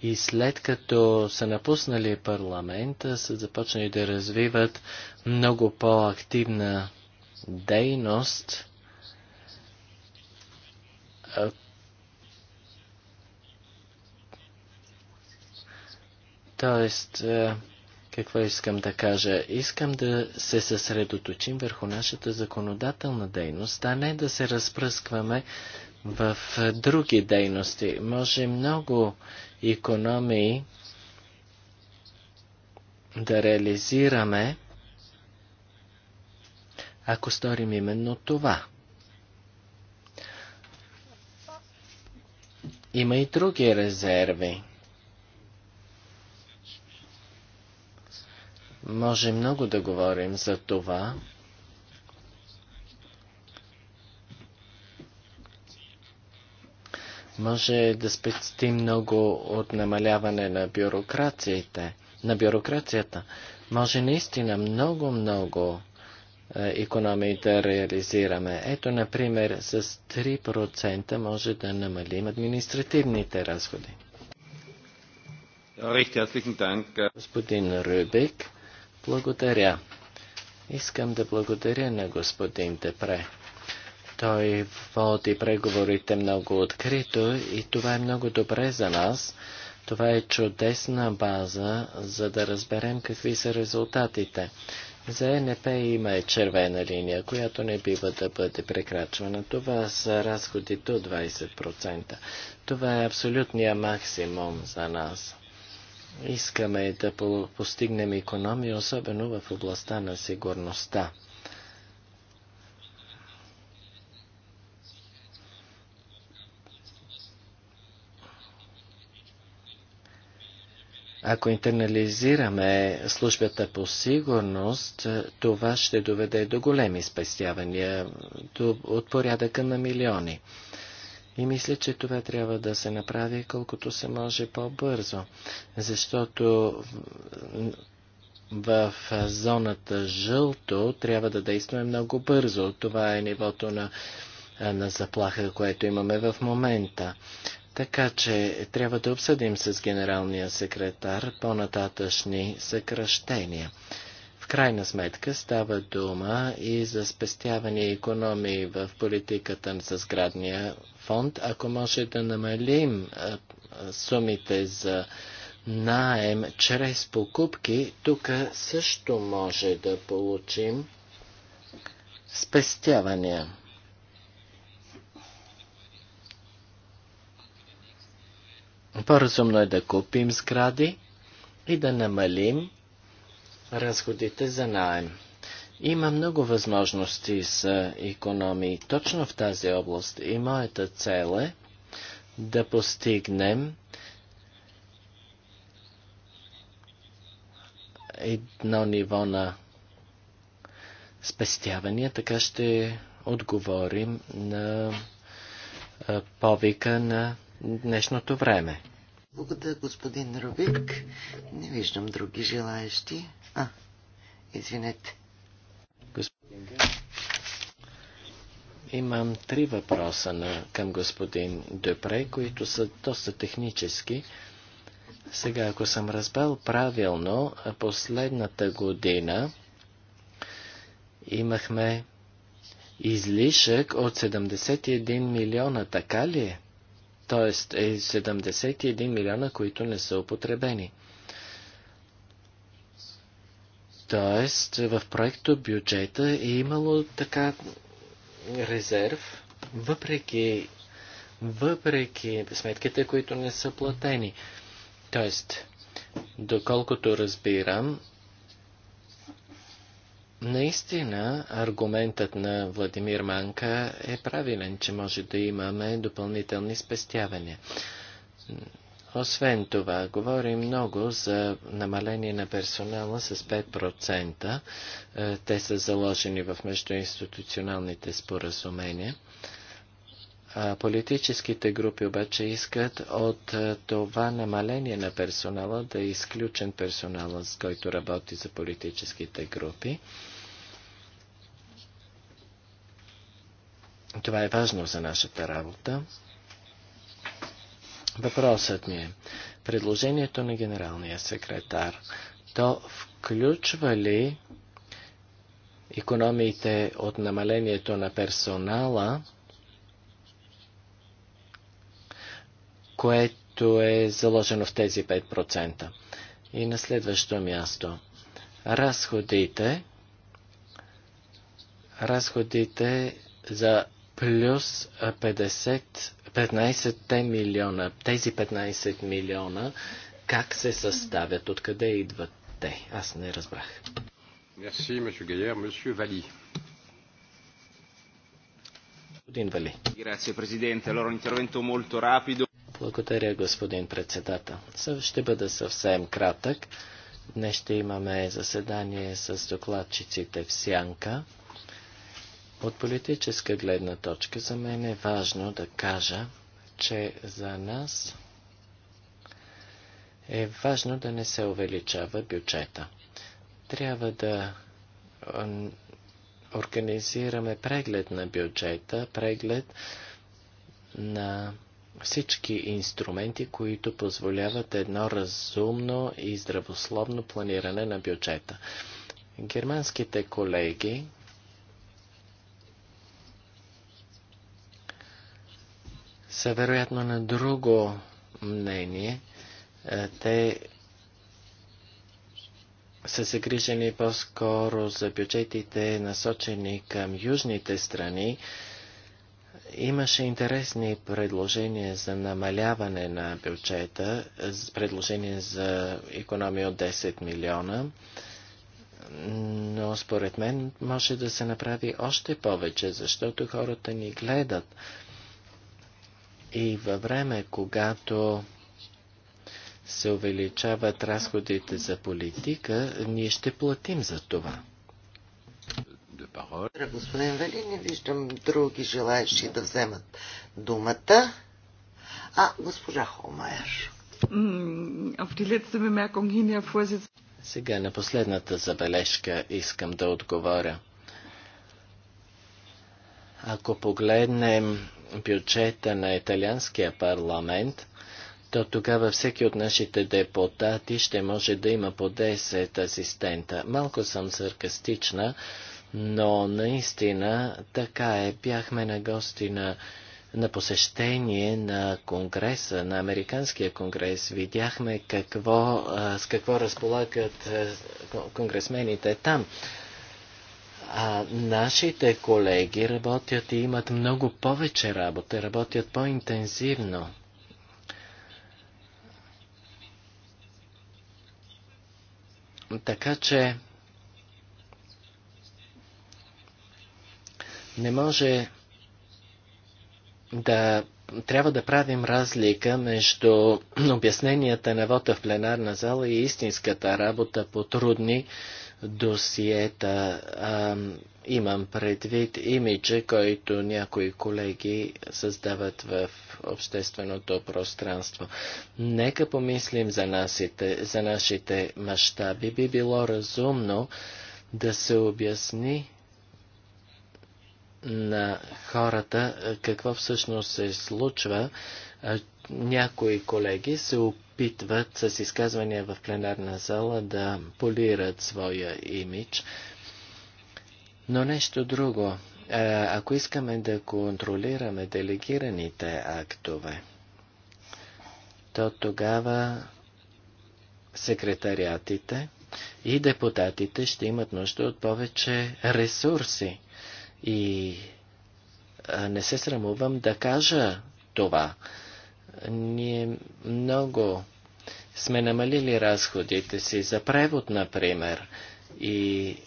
и след като са напуснали парламента, са започнали да развиват много по-активна дейност Тоест, е, какво искам да кажа? Искам да се съсредоточим върху нашата законодателна дейност, а не да се разпръскваме в други дейности. Може много економии да реализираме, ако сторим именно това. Има и други резерви. Може много да говорим за това, може да спести много от намаляване на бюрокрациите, на бюрокрацията. Може наистина много-много економии да реализираме. Ето, например, с 3% може да намалим административните разходи. Господин Рюбик, благодаря. Искам да благодаря на господин Депре. Той води преговорите много открито и това е много добре за нас. Това е чудесна база, за да разберем какви са резултатите. За е НП има е червена линия, която не бива да бъде прекрачвана. Това са разходи до 20%. Това е абсолютния максимум за нас. Искаме да постигнем економия, особено в областта на сигурността. Ако интернализираме службата по сигурност, това ще доведе до големи спестявания, до, от порядъка на милиони. И мисля, че това трябва да се направи колкото се може по-бързо, защото в зоната жълто трябва да действаме много бързо. Това е нивото на, на заплаха, което имаме в момента. Така че трябва да обсъдим с генералния секретар по-нататъчни съкръщения. В крайна сметка става дума и за спестяване и економии в политиката за сградния фонд, ако може да намалим сумите за наем чрез покупки, тук също може да получим спестявания. По-разумно е да купим сгради и да намалим разходите за найем. Има много възможности за економии точно в тази област и моята цел е да постигнем едно ниво на спестявания, така ще отговорим на повика на днешното време. Благодаря, господин Рубик. Не виждам други желаящи. А, извинете. Имам три въпроса на, към господин Депре, които са доста технически. Сега, ако съм разбрал правилно, последната година имахме излишък от 71 милиона, така ли е? Тоест, 71 е милиона, които не са употребени. Тоест, в проекто бюджета е имало така резерв, въпреки, въпреки сметките, които не са платени. Тоест, доколкото разбирам, Наистина, аргументът на Владимир Манка е правилен, че може да имаме допълнителни спестявания. Освен това, говори много за намаление на персонала с 5%. Е, те са заложени в междуинституционалните споразумения. А е, политическите групи обаче искат от е, това намаление на персонала да е изключен персонала, с който работи за политическите групи. Това е важно за нашата работа. Въпросът ми е, предложението на генералния секретар, то включва ли економиите от намалението на персонала, което е заложено в тези 5%? И на следващо място, разходите, разходите за плюс 50, 15 милиона. Тези 15 милиона как се съставят? Откъде идват те? Аз не разбрах. Мерси, monsieur Gaillard. Monsieur Вали. Господин Вали. Грация, президент. Allora, интервенто intervento рапидо. Благодаря, господин председател. Ще бъда съвсем кратък. Днес ще имаме заседание с докладчиците в Сянка. От политическа гледна точка за мен е важно да кажа, че за нас е важно да не се увеличава бюджета. Трябва да организираме преглед на бюджета, преглед на всички инструменти, които позволяват едно разумно и здравословно планиране на бюджета. Германските колеги са вероятно на друго мнение. Е, те са грижени по-скоро за бюджетите, насочени към южните страни. Имаше интересни предложения за намаляване на бюджета, предложения за економия от 10 милиона, но според мен може да се направи още повече, защото хората ни гледат. И във време, когато се увеличават разходите за политика, ние ще платим за това. господин Вели, не виждам други желаящи да вземат думата. А, госпожа Холмайер. Сега на последната забележка искам да отговоря. Ако погледнем бюджета на италианския парламент, то тогава всеки от нашите депутати ще може да има по 10 асистента. Малко съм саркастична, но наистина така е. Бяхме на гости на, на посещение на Конгреса, на Американския конгрес. Видяхме какво, с какво разполагат конгресмените там. А нашите колеги работят и имат много повече работа, работят по-интензивно. Така че не може да трябва да правим разлика между обясненията на вота в пленарна зала и истинската работа по трудни досиета. А, имам предвид имиджа, който някои колеги създават в общественото пространство. Нека помислим за, насите, за нашите мащаби. Би било разумно да се обясни на хората какво всъщност се случва. Някои колеги се опитват опитват с изказвания в пленарна зала да полират своя имидж. Но нещо друго. Е, ако искаме да контролираме делегираните актове, то тогава секретариатите и депутатите ще имат нужда от повече ресурси. И не се срамувам да кажа това. Ние много сме намалили разходите си за превод, например. И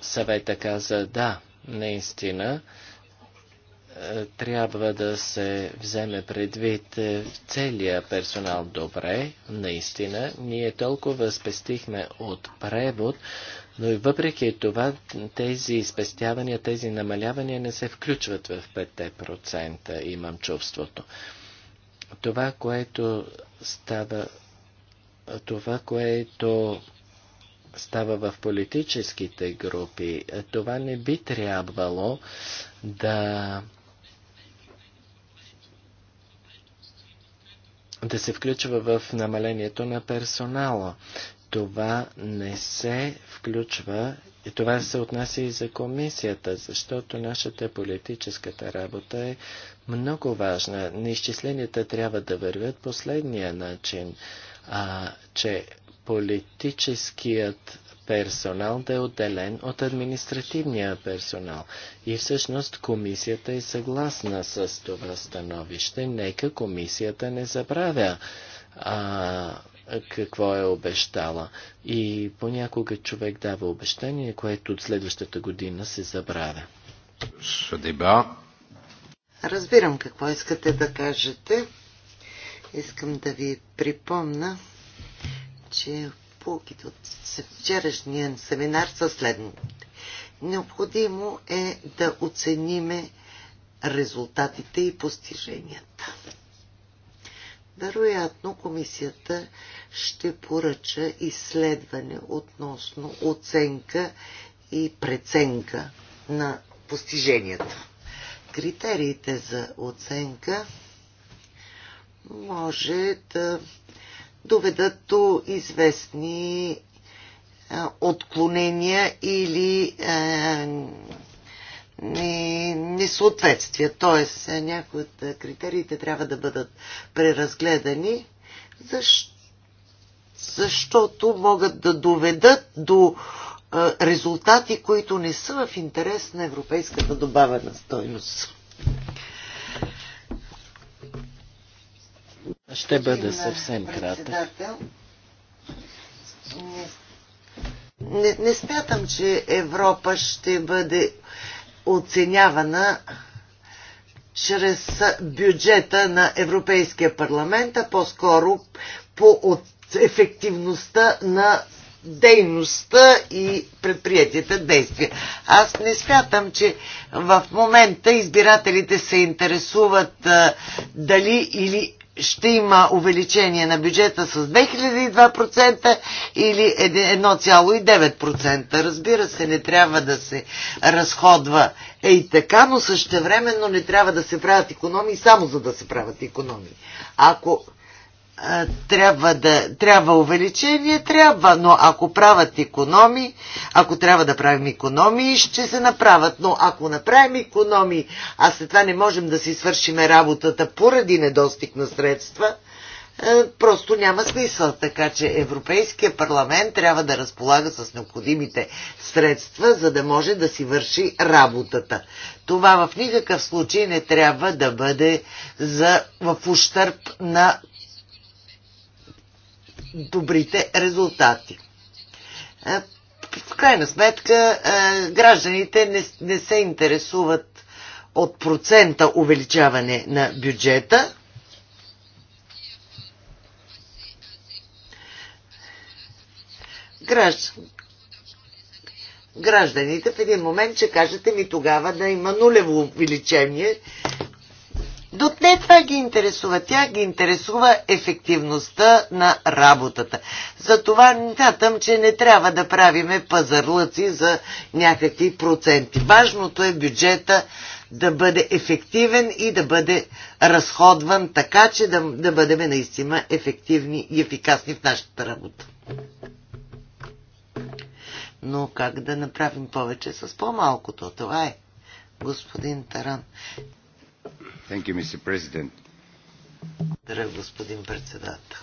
съвета каза, да, наистина, е, трябва да се вземе предвид е, целия персонал добре. Наистина, ние толкова спестихме от превод, но и въпреки това тези спестявания, тези намалявания не се включват в 5%, имам чувството. Това, което става, това, което става в политическите групи, това не би трябвало да да се включва в намалението на персонала това не се включва и това се отнася и за комисията, защото нашата политическата работа е много важна. Неизчисленията изчисленията трябва да вървят последния начин, а, че политическият персонал да е отделен от административния персонал. И всъщност комисията е съгласна с това становище. Нека комисията не забравя а, какво е обещала. И понякога човек дава обещание, което от следващата година се забравя. Разбирам какво искате да кажете. Искам да ви припомна, че полките от вчерашния семинар са следните. Необходимо е да оцениме резултатите и постиженията. Вероятно комисията ще поръча изследване относно оценка и преценка на постиженията. Критериите за оценка може да доведат до известни отклонения или несъответствия. Т.е., някои от критериите трябва да бъдат преразгледани, защото могат да доведат до резултати, които не са в интерес на европейската добавена стойност. Ще бъда съвсем кратък. не, не смятам, че Европа ще бъде оценявана чрез бюджета на Европейския парламент, а по-скоро по, ефективността на дейността и предприятията действия. Аз не смятам, че в момента избирателите се интересуват а, дали или ще има увеличение на бюджета с 2002% или 1,9%. Разбира се, не трябва да се разходва е и така, но същевременно не трябва да се правят економии само за да се правят економии. Ако трябва, да, трябва увеличение, трябва, но ако правят економии, ако трябва да правим економии, ще се направят, но ако направим економии, а след това не можем да си свършим работата поради недостиг на средства, е, просто няма смисъл. Така че Европейския парламент трябва да разполага с необходимите средства, за да може да си върши работата. Това в никакъв случай не трябва да бъде за, в ущърп на добрите резултати. В крайна сметка, гражданите не, не се интересуват от процента увеличаване на бюджета, Гражд... гражданите в един момент ще кажете ми тогава да има нулево увеличение до не това ги интересува. Тя ги интересува ефективността на работата. Затова мятам, че не трябва да правиме пазарлъци за някакви проценти. Важното е бюджета да бъде ефективен и да бъде разходван така, че да, да бъдем наистина ефективни и ефикасни в нашата работа. Но как да направим повече с по-малкото? Това е, господин Таран. Thank you, Mr. President. Благодаря, господин председател.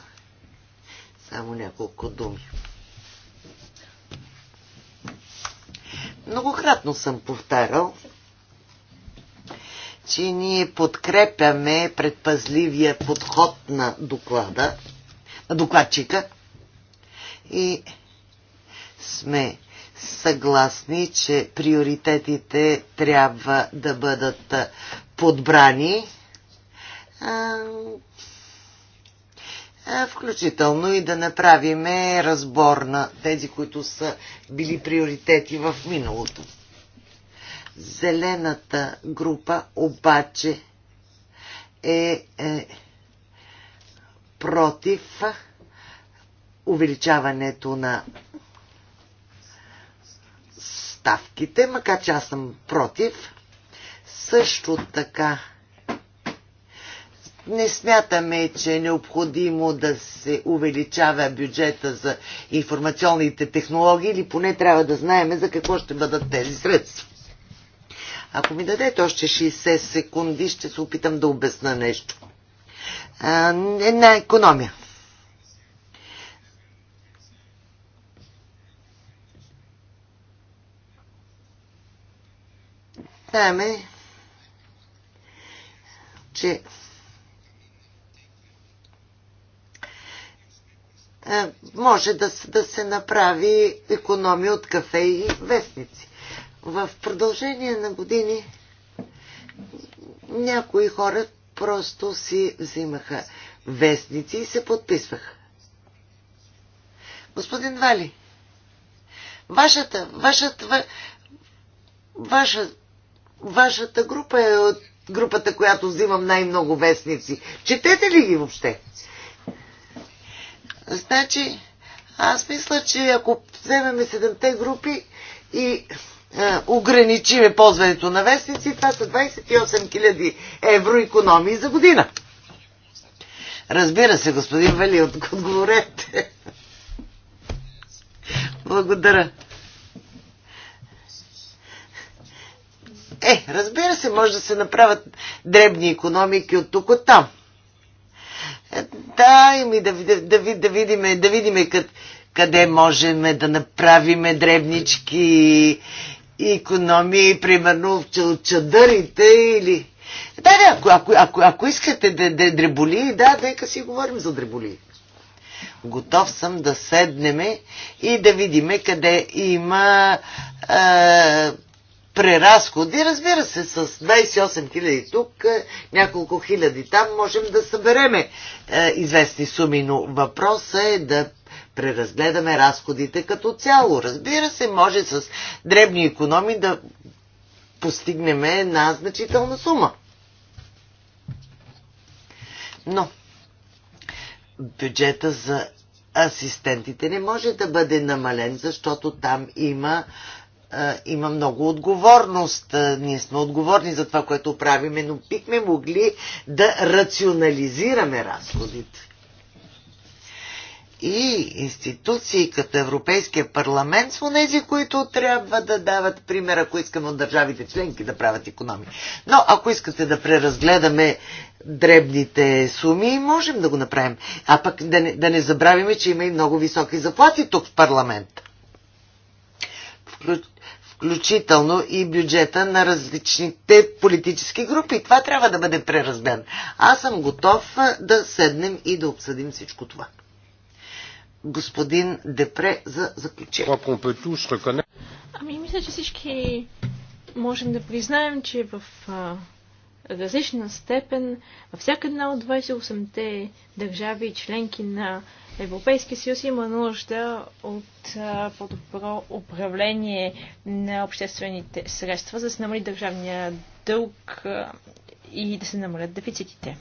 Само няколко думи. Многократно съм повтарял, че ние подкрепяме предпазливия подход на доклада, на докладчика и сме съгласни, че приоритетите трябва да бъдат подбрани, включително и да направим разбор на тези, които са били приоритети в миналото. Зелената група обаче е, е против увеличаването на ставките, макар че аз съм против. Също така не смятаме, че е необходимо да се увеличава бюджета за информационните технологии или поне трябва да знаеме за какво ще бъдат тези средства. Ако ми дадете още 60 секунди, ще се опитам да обясна нещо. А, една економия. Знаеме, че е, може да, да се направи економия от кафе и вестници. В продължение на години някои хора просто си взимаха вестници и се подписваха. Господин Вали, вашата, вашата, ваша, вашата група е от групата, която взимам най-много вестници. Четете ли ги въобще? Значи, аз мисля, че ако вземеме седемте групи и е, ограничиме ползването на вестници, това са 28 000 евро економии за година. Разбира се, господин Вали, отговорете. Благодаря. Е, разбира се, може да се направят дребни економики от тук от там. Е, да, и ами да, да, да, да видим, да видим къд, къде можем да направим дребнички економии, примерно в чадърите или... Да, да, ако, ако, ако, ако искате да, да дреболи, да, нека си говорим за дреболи. Готов съм да седнеме и да видиме къде има е, преразходи. Разбира се, с 28 хиляди тук, е, няколко хиляди там можем да събереме е, известни суми, но въпросът е да преразгледаме разходите като цяло. Разбира се, може с дребни економи да постигнем една значителна сума. Но бюджета за асистентите не може да бъде намален, защото там има има много отговорност. Ние сме отговорни за това, което правиме, но бихме могли да рационализираме разходите. И институции като Европейския парламент са тези, които трябва да дават пример, ако искаме от държавите членки да правят економи. Но ако искате да преразгледаме дребните суми, можем да го направим. А пък да не, да не забравяме, че има и много високи заплати тук в парламент включително и бюджета на различните политически групи. Това трябва да бъде преразбен. Аз съм готов да седнем и да обсъдим всичко това. Господин Депре за заключение. Ами, мисля, че всички можем да признаем, че в а, различна степен във всяка една от 28-те държави, членки на Европейския съюз има нужда от по-добро управление на обществените средства, за да се намали държавния дълг и да се намалят дефицитите.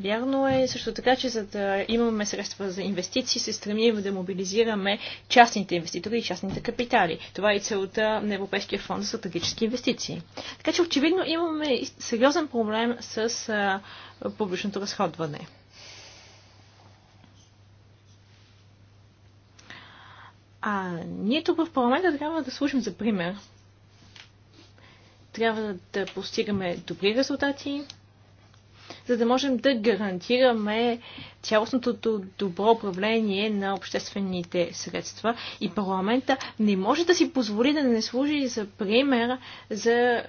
Вярно е също така, че за да имаме средства за инвестиции, се стремим да мобилизираме частните инвеститори и частните капитали. Това е и целта на Европейския фонд за стратегически инвестиции. Така че очевидно имаме сериозен проблем с публичното разходване. А ние тук в парламента трябва да служим за пример. Трябва да постигаме добри резултати, за да можем да гарантираме цялостното добро управление на обществените средства. И парламента не може да си позволи да не служи за пример за е,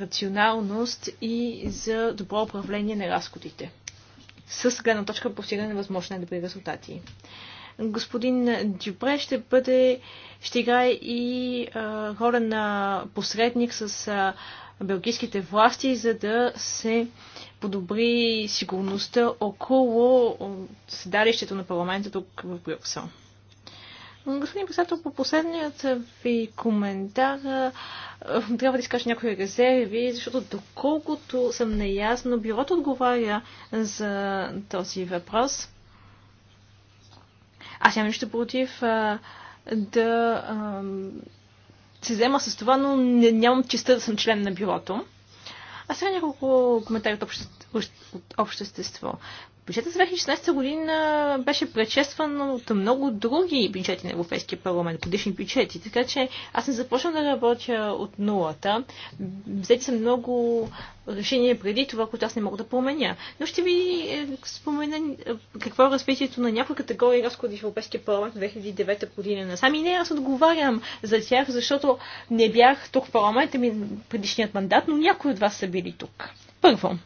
рационалност и за добро управление на разходите. С гледна точка постигане на възможно най-добри резултати господин Дюпре ще бъде, ще играе и роля на посредник с а, белгийските власти, за да се подобри сигурността около седалището на парламента тук в Брюксел. Господин председател, по последният ви коментар трябва да изкажа някои резерви, защото доколкото съм неясно, бюрото отговаря за този въпрос. Аз нямам нищо против а, да а, се взема с това, но не, нямам честа да съм член на бюрото. А сега няколко коментари от, обще, от общо естество. Бюджетът за 2016 година беше предшестван от много други бюджети на Европейския парламент, годишни бюджети, така че аз не започна да работя от нулата. Взети са много решения преди това, което аз не мога да променя. Но ще ви е, спомена е, какво е развитието на някои категории разходи в Европейския парламент в 2009 година насам. И не, аз отговарям за тях, защото не бях тук в парламента ми предишният мандат, но някои от вас са били тук. Първо,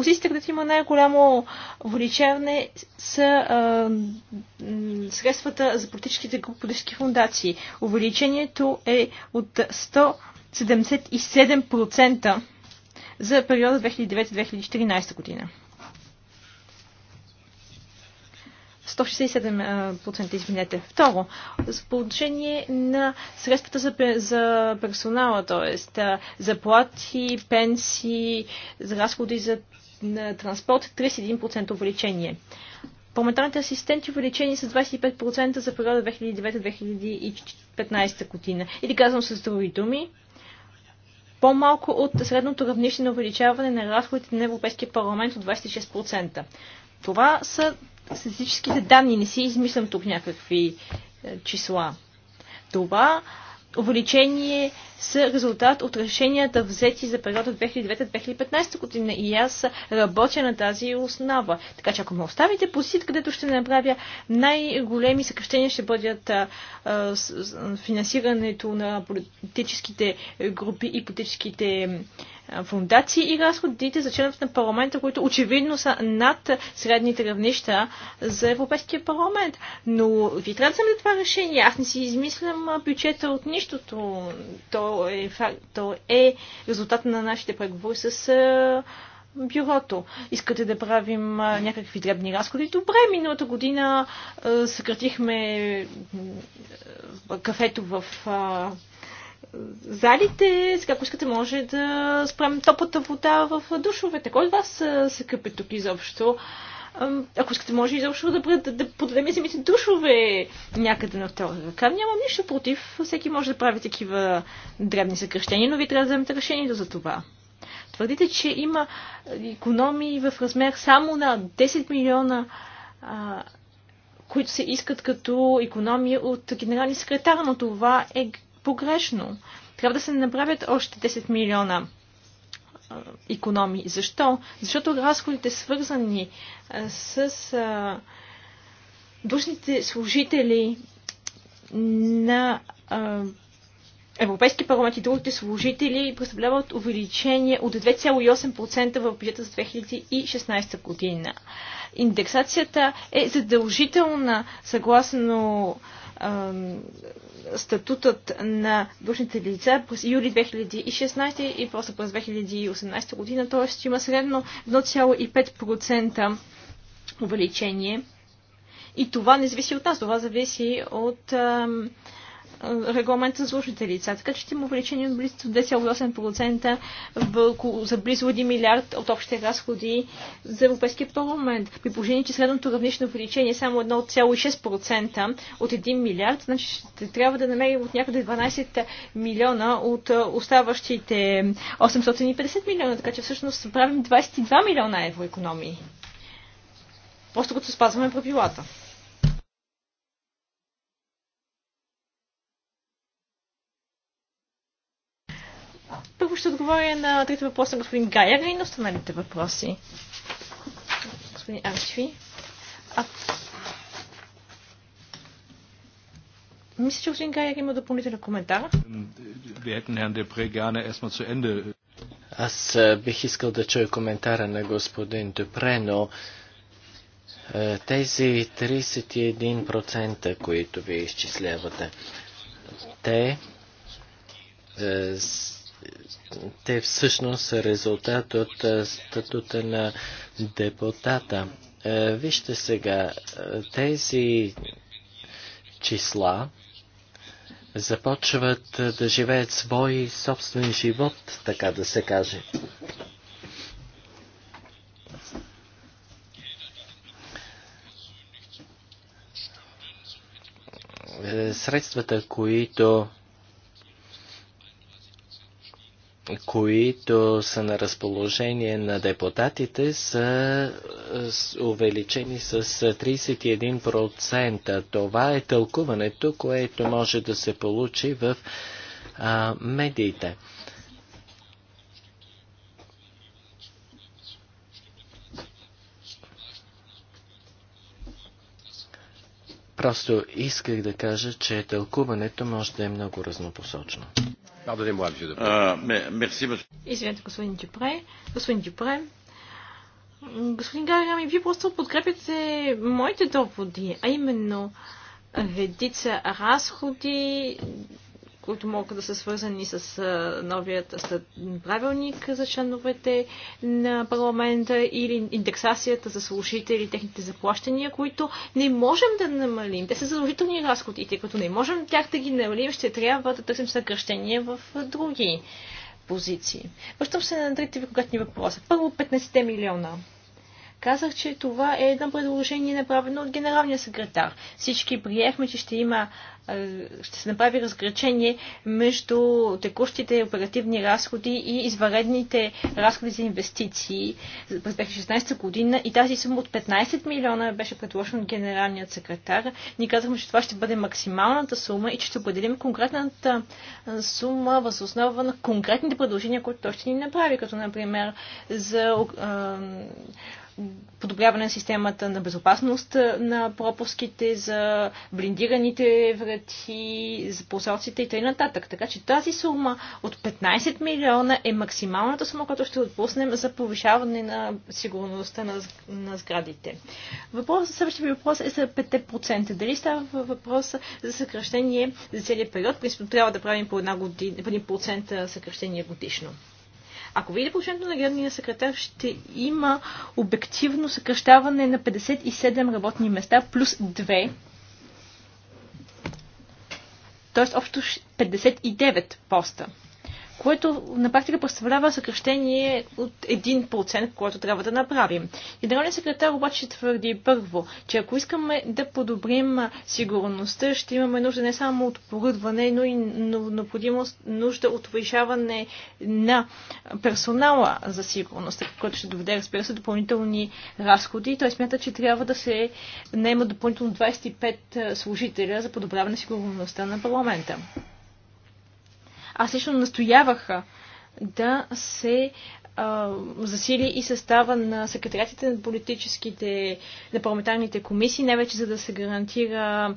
Позициите, има най-голямо увеличаване, са а, средствата за политическите политически фундации. Увеличението е от 177% за периода 2009-2014 година. 167%, извинете. Второ, за отношение на средствата за, за персонала, т.е. заплати, пенсии, за разходи за на транспорт 31% увеличение. Парламентарните асистенти увеличени с 25% за периода 2009-2015 година. Или казвам с други думи, по-малко от средното равнище на увеличаване на разходите на Европейския парламент от 26%. Това са статистическите данни, не си измислям тук някакви е, числа. Това увеличение са резултат от решенията взети за периода 2009-2015 година и аз работя на тази основа. Така че ако ме оставите по сит, където ще направя най-големи съкрещения, ще бъдат а, а, с, финансирането на политическите групи и политическите фундации и разходите за членовете на парламента, които очевидно са над средните равнища за Европейския парламент. Но ви трябва да вземете това решение. Аз не си измислям бюджета от нищото. То е, то е резултат на нашите преговори с бюрото. Искате да правим някакви дребни разходи? Добре, миналата година съкратихме кафето в залите, сега ако искате може да спрем топлата вода в душовете. Кой от вас се къпе тук изобщо? Ако искате, може изобщо да, да, да подадем самите душове някъде на втора ръка. Нямам нищо против. Всеки може да прави такива дребни съкръщения, но ви трябва да вземете решението за това. Твърдите, че има економии в размер само на 10 милиона които се искат като економия от генералния секретар, но това е погрешно. Трябва да се направят още 10 милиона економии. Защо? Защото разходите свързани с душните служители на Европейски парламент и другите служители представляват увеличение от 2,8% в бюджета за 2016 година. Индексацията е задължителна съгласно статутът на длъжните лица през юли 2016 и после през 2018 година, т.е. има средно 1,5% увеличение. И това не зависи от нас, това зависи от ам, регламент за служните лица. Така че ще има увеличение от близо 10,8% за близо 1 милиард от общите разходи за Европейския парламент. При положение, че средното равнично увеличение е само 1,6% от 1 милиард, значи ще трябва да намерим от някъде 12 милиона от оставащите 850 милиона. Така че всъщност правим 22 милиона евро економии. Просто като спазваме правилата. Първо ще отговоря на трите въпроса на господин Гайер и на останалите въпроси. Господин Арчви. А... Мисля, че господин Гайер има допълнителен коментар. Аз бих искал да чуя коментара на господин Депре, но тези 31%, които ви изчислявате, те те всъщност са резултат от статута на депутата. Вижте сега, тези числа започват да живеят свой собствен живот, така да се каже. Е, средствата, които които са на разположение на депутатите, са е, увеличени с 31%. Това е тълкуването, което може да се получи в е, медиите. Просто исках да кажа, че тълкуването може да е много разнопосочно. Euh, Извинете, господин Дюпре. Господин Дюпре, господин Гарами, вие просто подкрепяте моите доводи, а именно редица разходи които могат да са свързани с новият правилник за членовете на парламента или индексацията за служители, техните заплащания, които не можем да намалим. Те са задължителни разходи, тъй като не можем тях да ги намалим, ще трябва да търсим съкръщение в други позиции. Връщам се на трите ви въпроса. Първо 15 милиона. Казах, че това е едно предложение направено от генералния секретар. Всички приехме, че ще има ще се направи разграчение между текущите оперативни разходи и изваредните разходи за инвестиции през 2016 година и тази сума от 15 милиона беше предложена от генералният секретар. Ни казахме, че това ще бъде максималната сума и че ще определим конкретната сума възоснова основа на конкретните предложения, които той ще ни направи, като например за подобряване на системата на безопасност на пропуските, за блиндираните врати, за посолците и т.н. Така че тази сума от 15 милиона е максималната сума, която ще отпуснем за повишаване на сигурността на, на сградите. Въпросът, следващия въпрос е за 5%. Дали става въпрос за съкръщение за целият период? Принципно трябва да правим по 1%, година, по 1 съкръщение годишно. Ако види положението на градния секретар, ще има обективно съкръщаване на 57 работни места плюс 2. Тоест общо 59 поста което на практика представлява съкръщение от 1%, което трябва да направим. Генералният секретар обаче твърди първо, че ако искаме да подобрим сигурността, ще имаме нужда не само от поръдване, но и необходимост, нужда от повишаване на персонала за сигурност, което ще доведе, разбира се, допълнителни разходи. Той смята, че трябва да се наема допълнително 25 служителя за подобряване на сигурността на парламента. Аз лично настояваха да се а, засили и състава на секретариатите на политическите, на парламентарните комисии, не вече за да се гарантира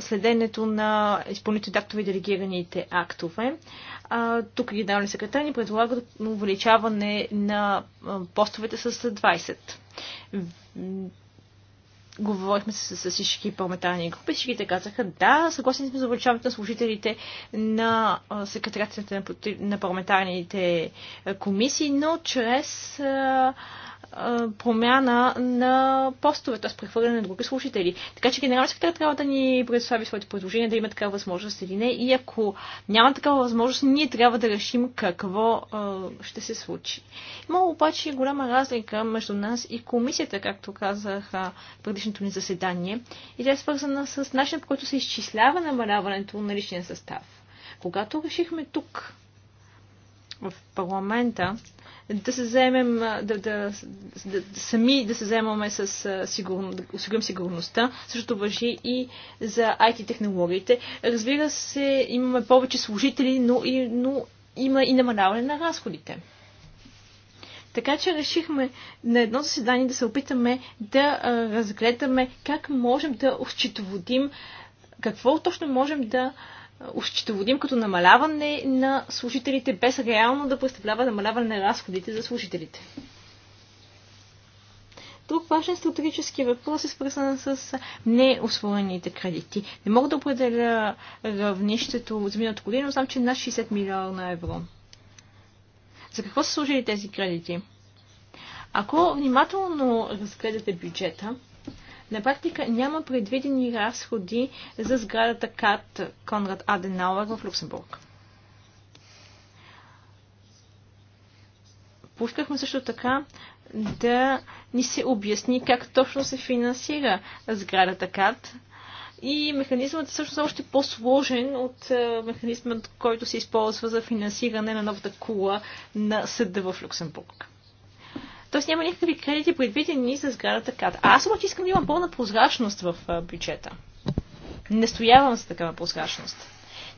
следенето на изпълните актове и делегираните актове. А, тук генерални секретар ни предлагат увеличаване на постовете с 20 говорихме с, с всички парламентарни групи, всичките казаха да, съгласни сме за увеличаването на служителите на секретарите на, на парламентарните комисии, но чрез а, промяна на постове, т.е. прехвърляне на други служители. Така че генерал секретар трябва да ни предостави своите предложения, да има такава възможност или не. И ако няма такава възможност, ние трябва да решим какво а, ще се случи. Има обаче голяма разлика между нас и комисията, както казах предишното ни заседание. И тя е свързана с начинът, по който се изчислява намаляването на личния състав. Когато решихме тук, в парламента, да се заемем, да, да, да, да сами да се заемаме с сигурно, да осигурим сигурността. Същото въжи и за IT технологиите. Разбира се, имаме повече служители, но, и, но има и намаляване на разходите. Така че решихме на едно заседание да се опитаме да разгледаме как можем да осчетоводим, какво точно можем да счетоводим като намаляване на служителите, без реално да представлява намаляване на разходите за служителите. Друг важен стратегически въпрос е свързан с неосвоените кредити. Не мога да определя равнището за миналата година, но знам, че над 60 милиона евро. За какво са служили тези кредити? Ако внимателно разгледате бюджета, на практика няма предвидени разходи за сградата КАТ Конрад Аденауер в Люксембург. Поискахме също така да ни се обясни как точно се финансира сградата КАТ. И механизмът е още по-сложен от е, механизмът, който се използва за финансиране на новата кула на съда в Люксембург. Тоест няма никакви кредити предвидени за сградата КАТ. А аз обаче искам да имам пълна прозрачност в бюджета. Не стоявам за такава прозрачност.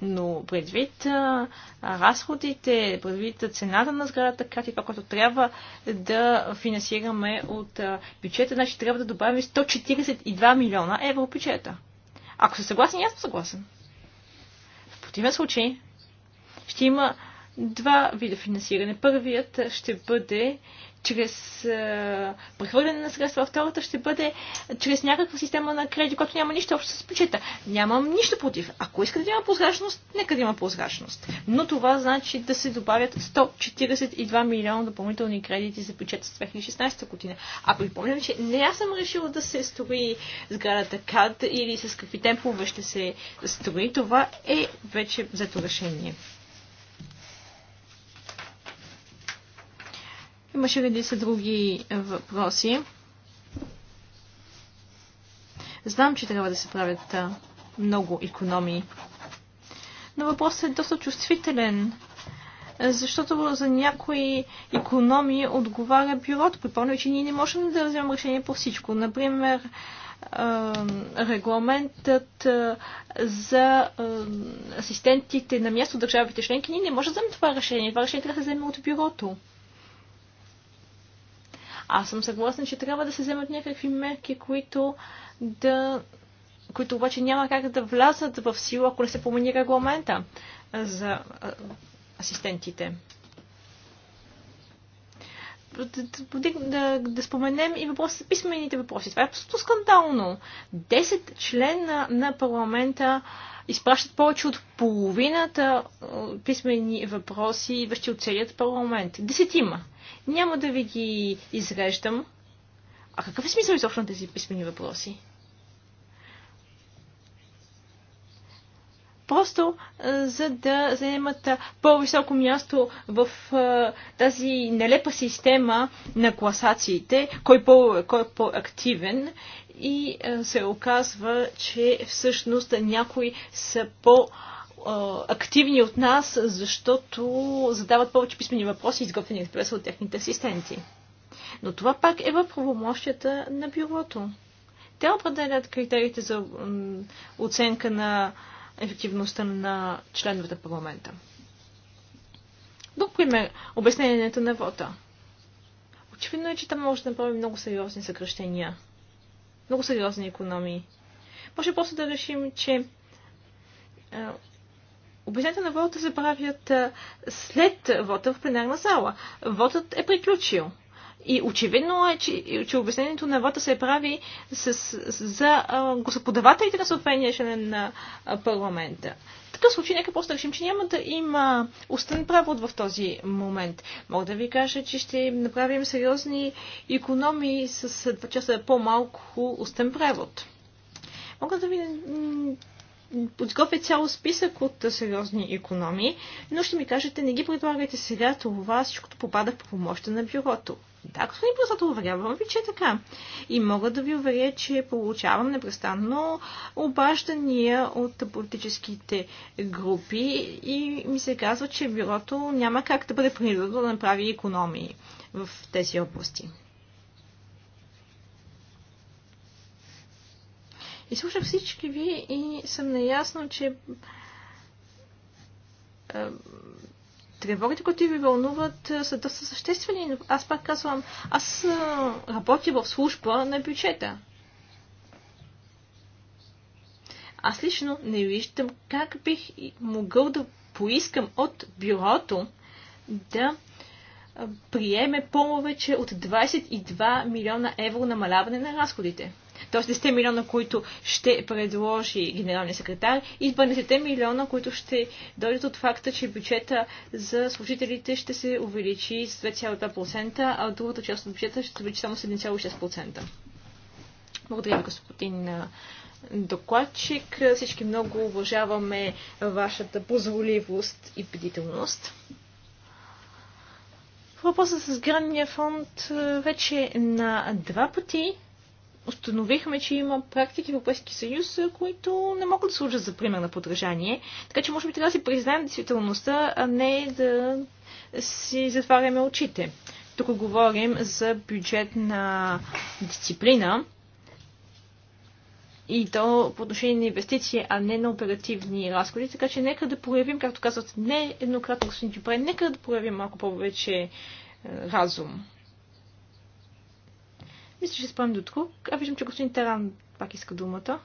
Но предвид а, разходите, предвид цената на сградата, как и това, което трябва да финансираме от а, бюджета, значи трябва да добавим 142 милиона евро бюджета. Ако се съгласен, аз съм съгласен. В противен случай ще има два вида финансиране. Първият ще бъде чрез е, прехвърляне на средства, втората ще бъде чрез някаква система на кредит, която няма нищо общо с бюджета. Нямам нищо против. Ако искате да има прозрачност, нека да има прозрачност. Но това значи да се добавят 142 милиона допълнителни кредити за бюджет с 2016 година. А припомням, че не аз съм решила да се строи сградата КАД или с какви темпове ще се строи. Това е вече взето решение. Имаше редица други въпроси. Знам, че трябва да се правят много економии. Но въпросът е доста чувствителен, защото за някои економии отговаря бюрото. Припомня, че ние не можем да вземем решение по всичко. Например, регламентът за асистентите на място в държавите членки, ние не можем да вземем това решение. Това решение трябва да се от бюрото. Аз съм съгласна, че трябва да се вземат някакви мерки, които да които обаче няма как да влязат в сила, ако не се помени регламента за асистентите. Да, да, да споменем и въпроси, писмените въпроси. Това е абсолютно скандално. Десет члена на парламента изпращат повече от половината писмени въпроси, идващи от целият парламент. Десетима. Няма да ви ги изреждам. А какъв е смисъл изобщо на тези писмени въпроси? Просто за да заемат по-високо място в тази нелепа система на класациите, кой, по, кой е по-активен и се оказва, че всъщност някои са по- активни от нас, защото задават повече писмени въпроси, изготвени експреса от техните асистенти. Но това пак е в правомощията на бюрото. Те определят критериите за оценка на ефективността на членовете парламента. Друг пример – обяснението на вота. Очевидно е, че там може да направим много сериозни съкръщения. Много сериозни економии. Може просто да решим, че Обещанията на вода се правят след вода в пленарна зала. Водът е приключил. И очевидно е, че, че обяснението на вода се прави с, с, за а, господавателите на съответния член на а, парламента. В такъв случай нека просто решим, че няма да има устен превод в този момент. Мога да ви кажа, че ще направим сериозни економии с 2 часа по-малко устен превод. Мога да ви подготвя цял списък от сериозни економии, но ще ми кажете, не ги предлагайте сега, това всичкото попада в помощта на бюрото. Да, господин просто, уверявам ви, че е така. И мога да ви уверя, че получавам непрестанно обаждания от политическите групи и ми се казва, че бюрото няма как да бъде принудено да направи економии в тези области. И слушах всички ви и съм наясно, че е, тревогите, които ви вълнуват, е, са доста съществени. Но аз пак казвам, аз е, работя в служба на бюджета. Аз лично не виждам как бих могъл да поискам от бюрото да приеме повече от 22 милиона евро намаляване на разходите. Тоест 10 милиона, които ще предложи генералния секретар и 12 милиона, които ще дойдат от факта, че бюджета за служителите ще се увеличи с 2,2%, а от другата част от бюджета ще се увеличи само с 1,6%. Благодаря ви, господин докладчик. Всички много уважаваме вашата позволивост и бдителност. Въпросът с гранния фонд вече е на два пъти установихме, че има практики в Европейски съюз, които не могат да служат за пример на подражание. Така че може би трябва да си признаем действителността, а не да си затваряме очите. Тук говорим за бюджетна дисциплина и то по отношение на инвестиции, а не на оперативни разходи. Така че нека да проявим, както казват не еднократно господин Дюпре, нека да проявим малко повече е, разум. Мисля, че ще спомням до тук. А виждам, че господин Таран пак иска думата.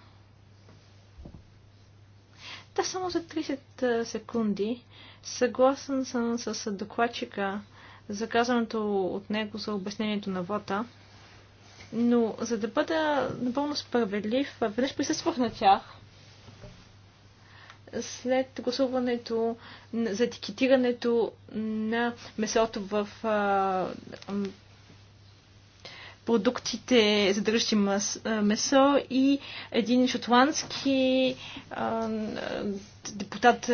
Да, само за 30 секунди. Съгласен съм с докладчика за казаното от него за обяснението на вота. Но за да бъда напълно справедлив, веднъж присъствах на тях след гласуването за етикетирането на месото в продуктите, задържащи месо и един шотландски а, депутат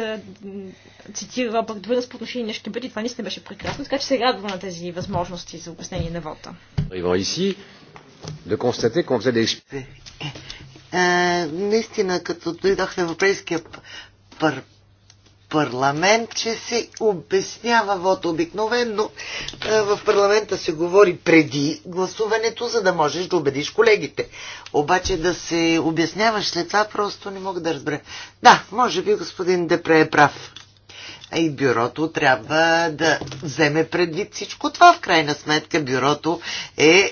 цитира Робърт Върнс по отношение на ще бъде. Това наистина беше прекрасно, така че се радва на тези възможности за обяснение на вота. Е, е, е, наистина, като дойдох в Европейския пар парламент, че се обяснява вот обикновено. В парламента се говори преди гласуването, за да можеш да убедиш колегите. Обаче да се обясняваш след това, просто не мога да разбера. Да, може би господин Депре е прав. А и бюрото трябва да вземе предвид всичко това. В крайна сметка бюрото е, е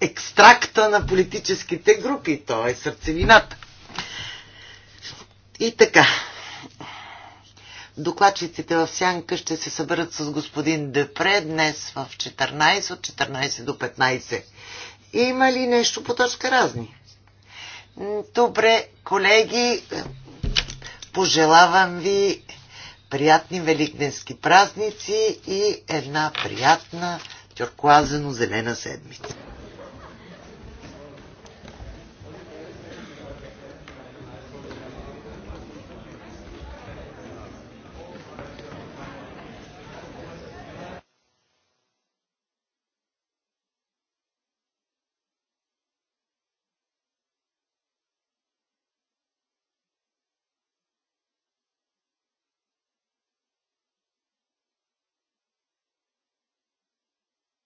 екстракта на политическите групи, то е сърцевината. И така, Докладчиците в Сянка ще се съберат с господин Депре днес в 14, от 14 до 15. Има ли нещо по точка разни? Добре, колеги, пожелавам ви приятни великденски празници и една приятна тюркуазено-зелена седмица.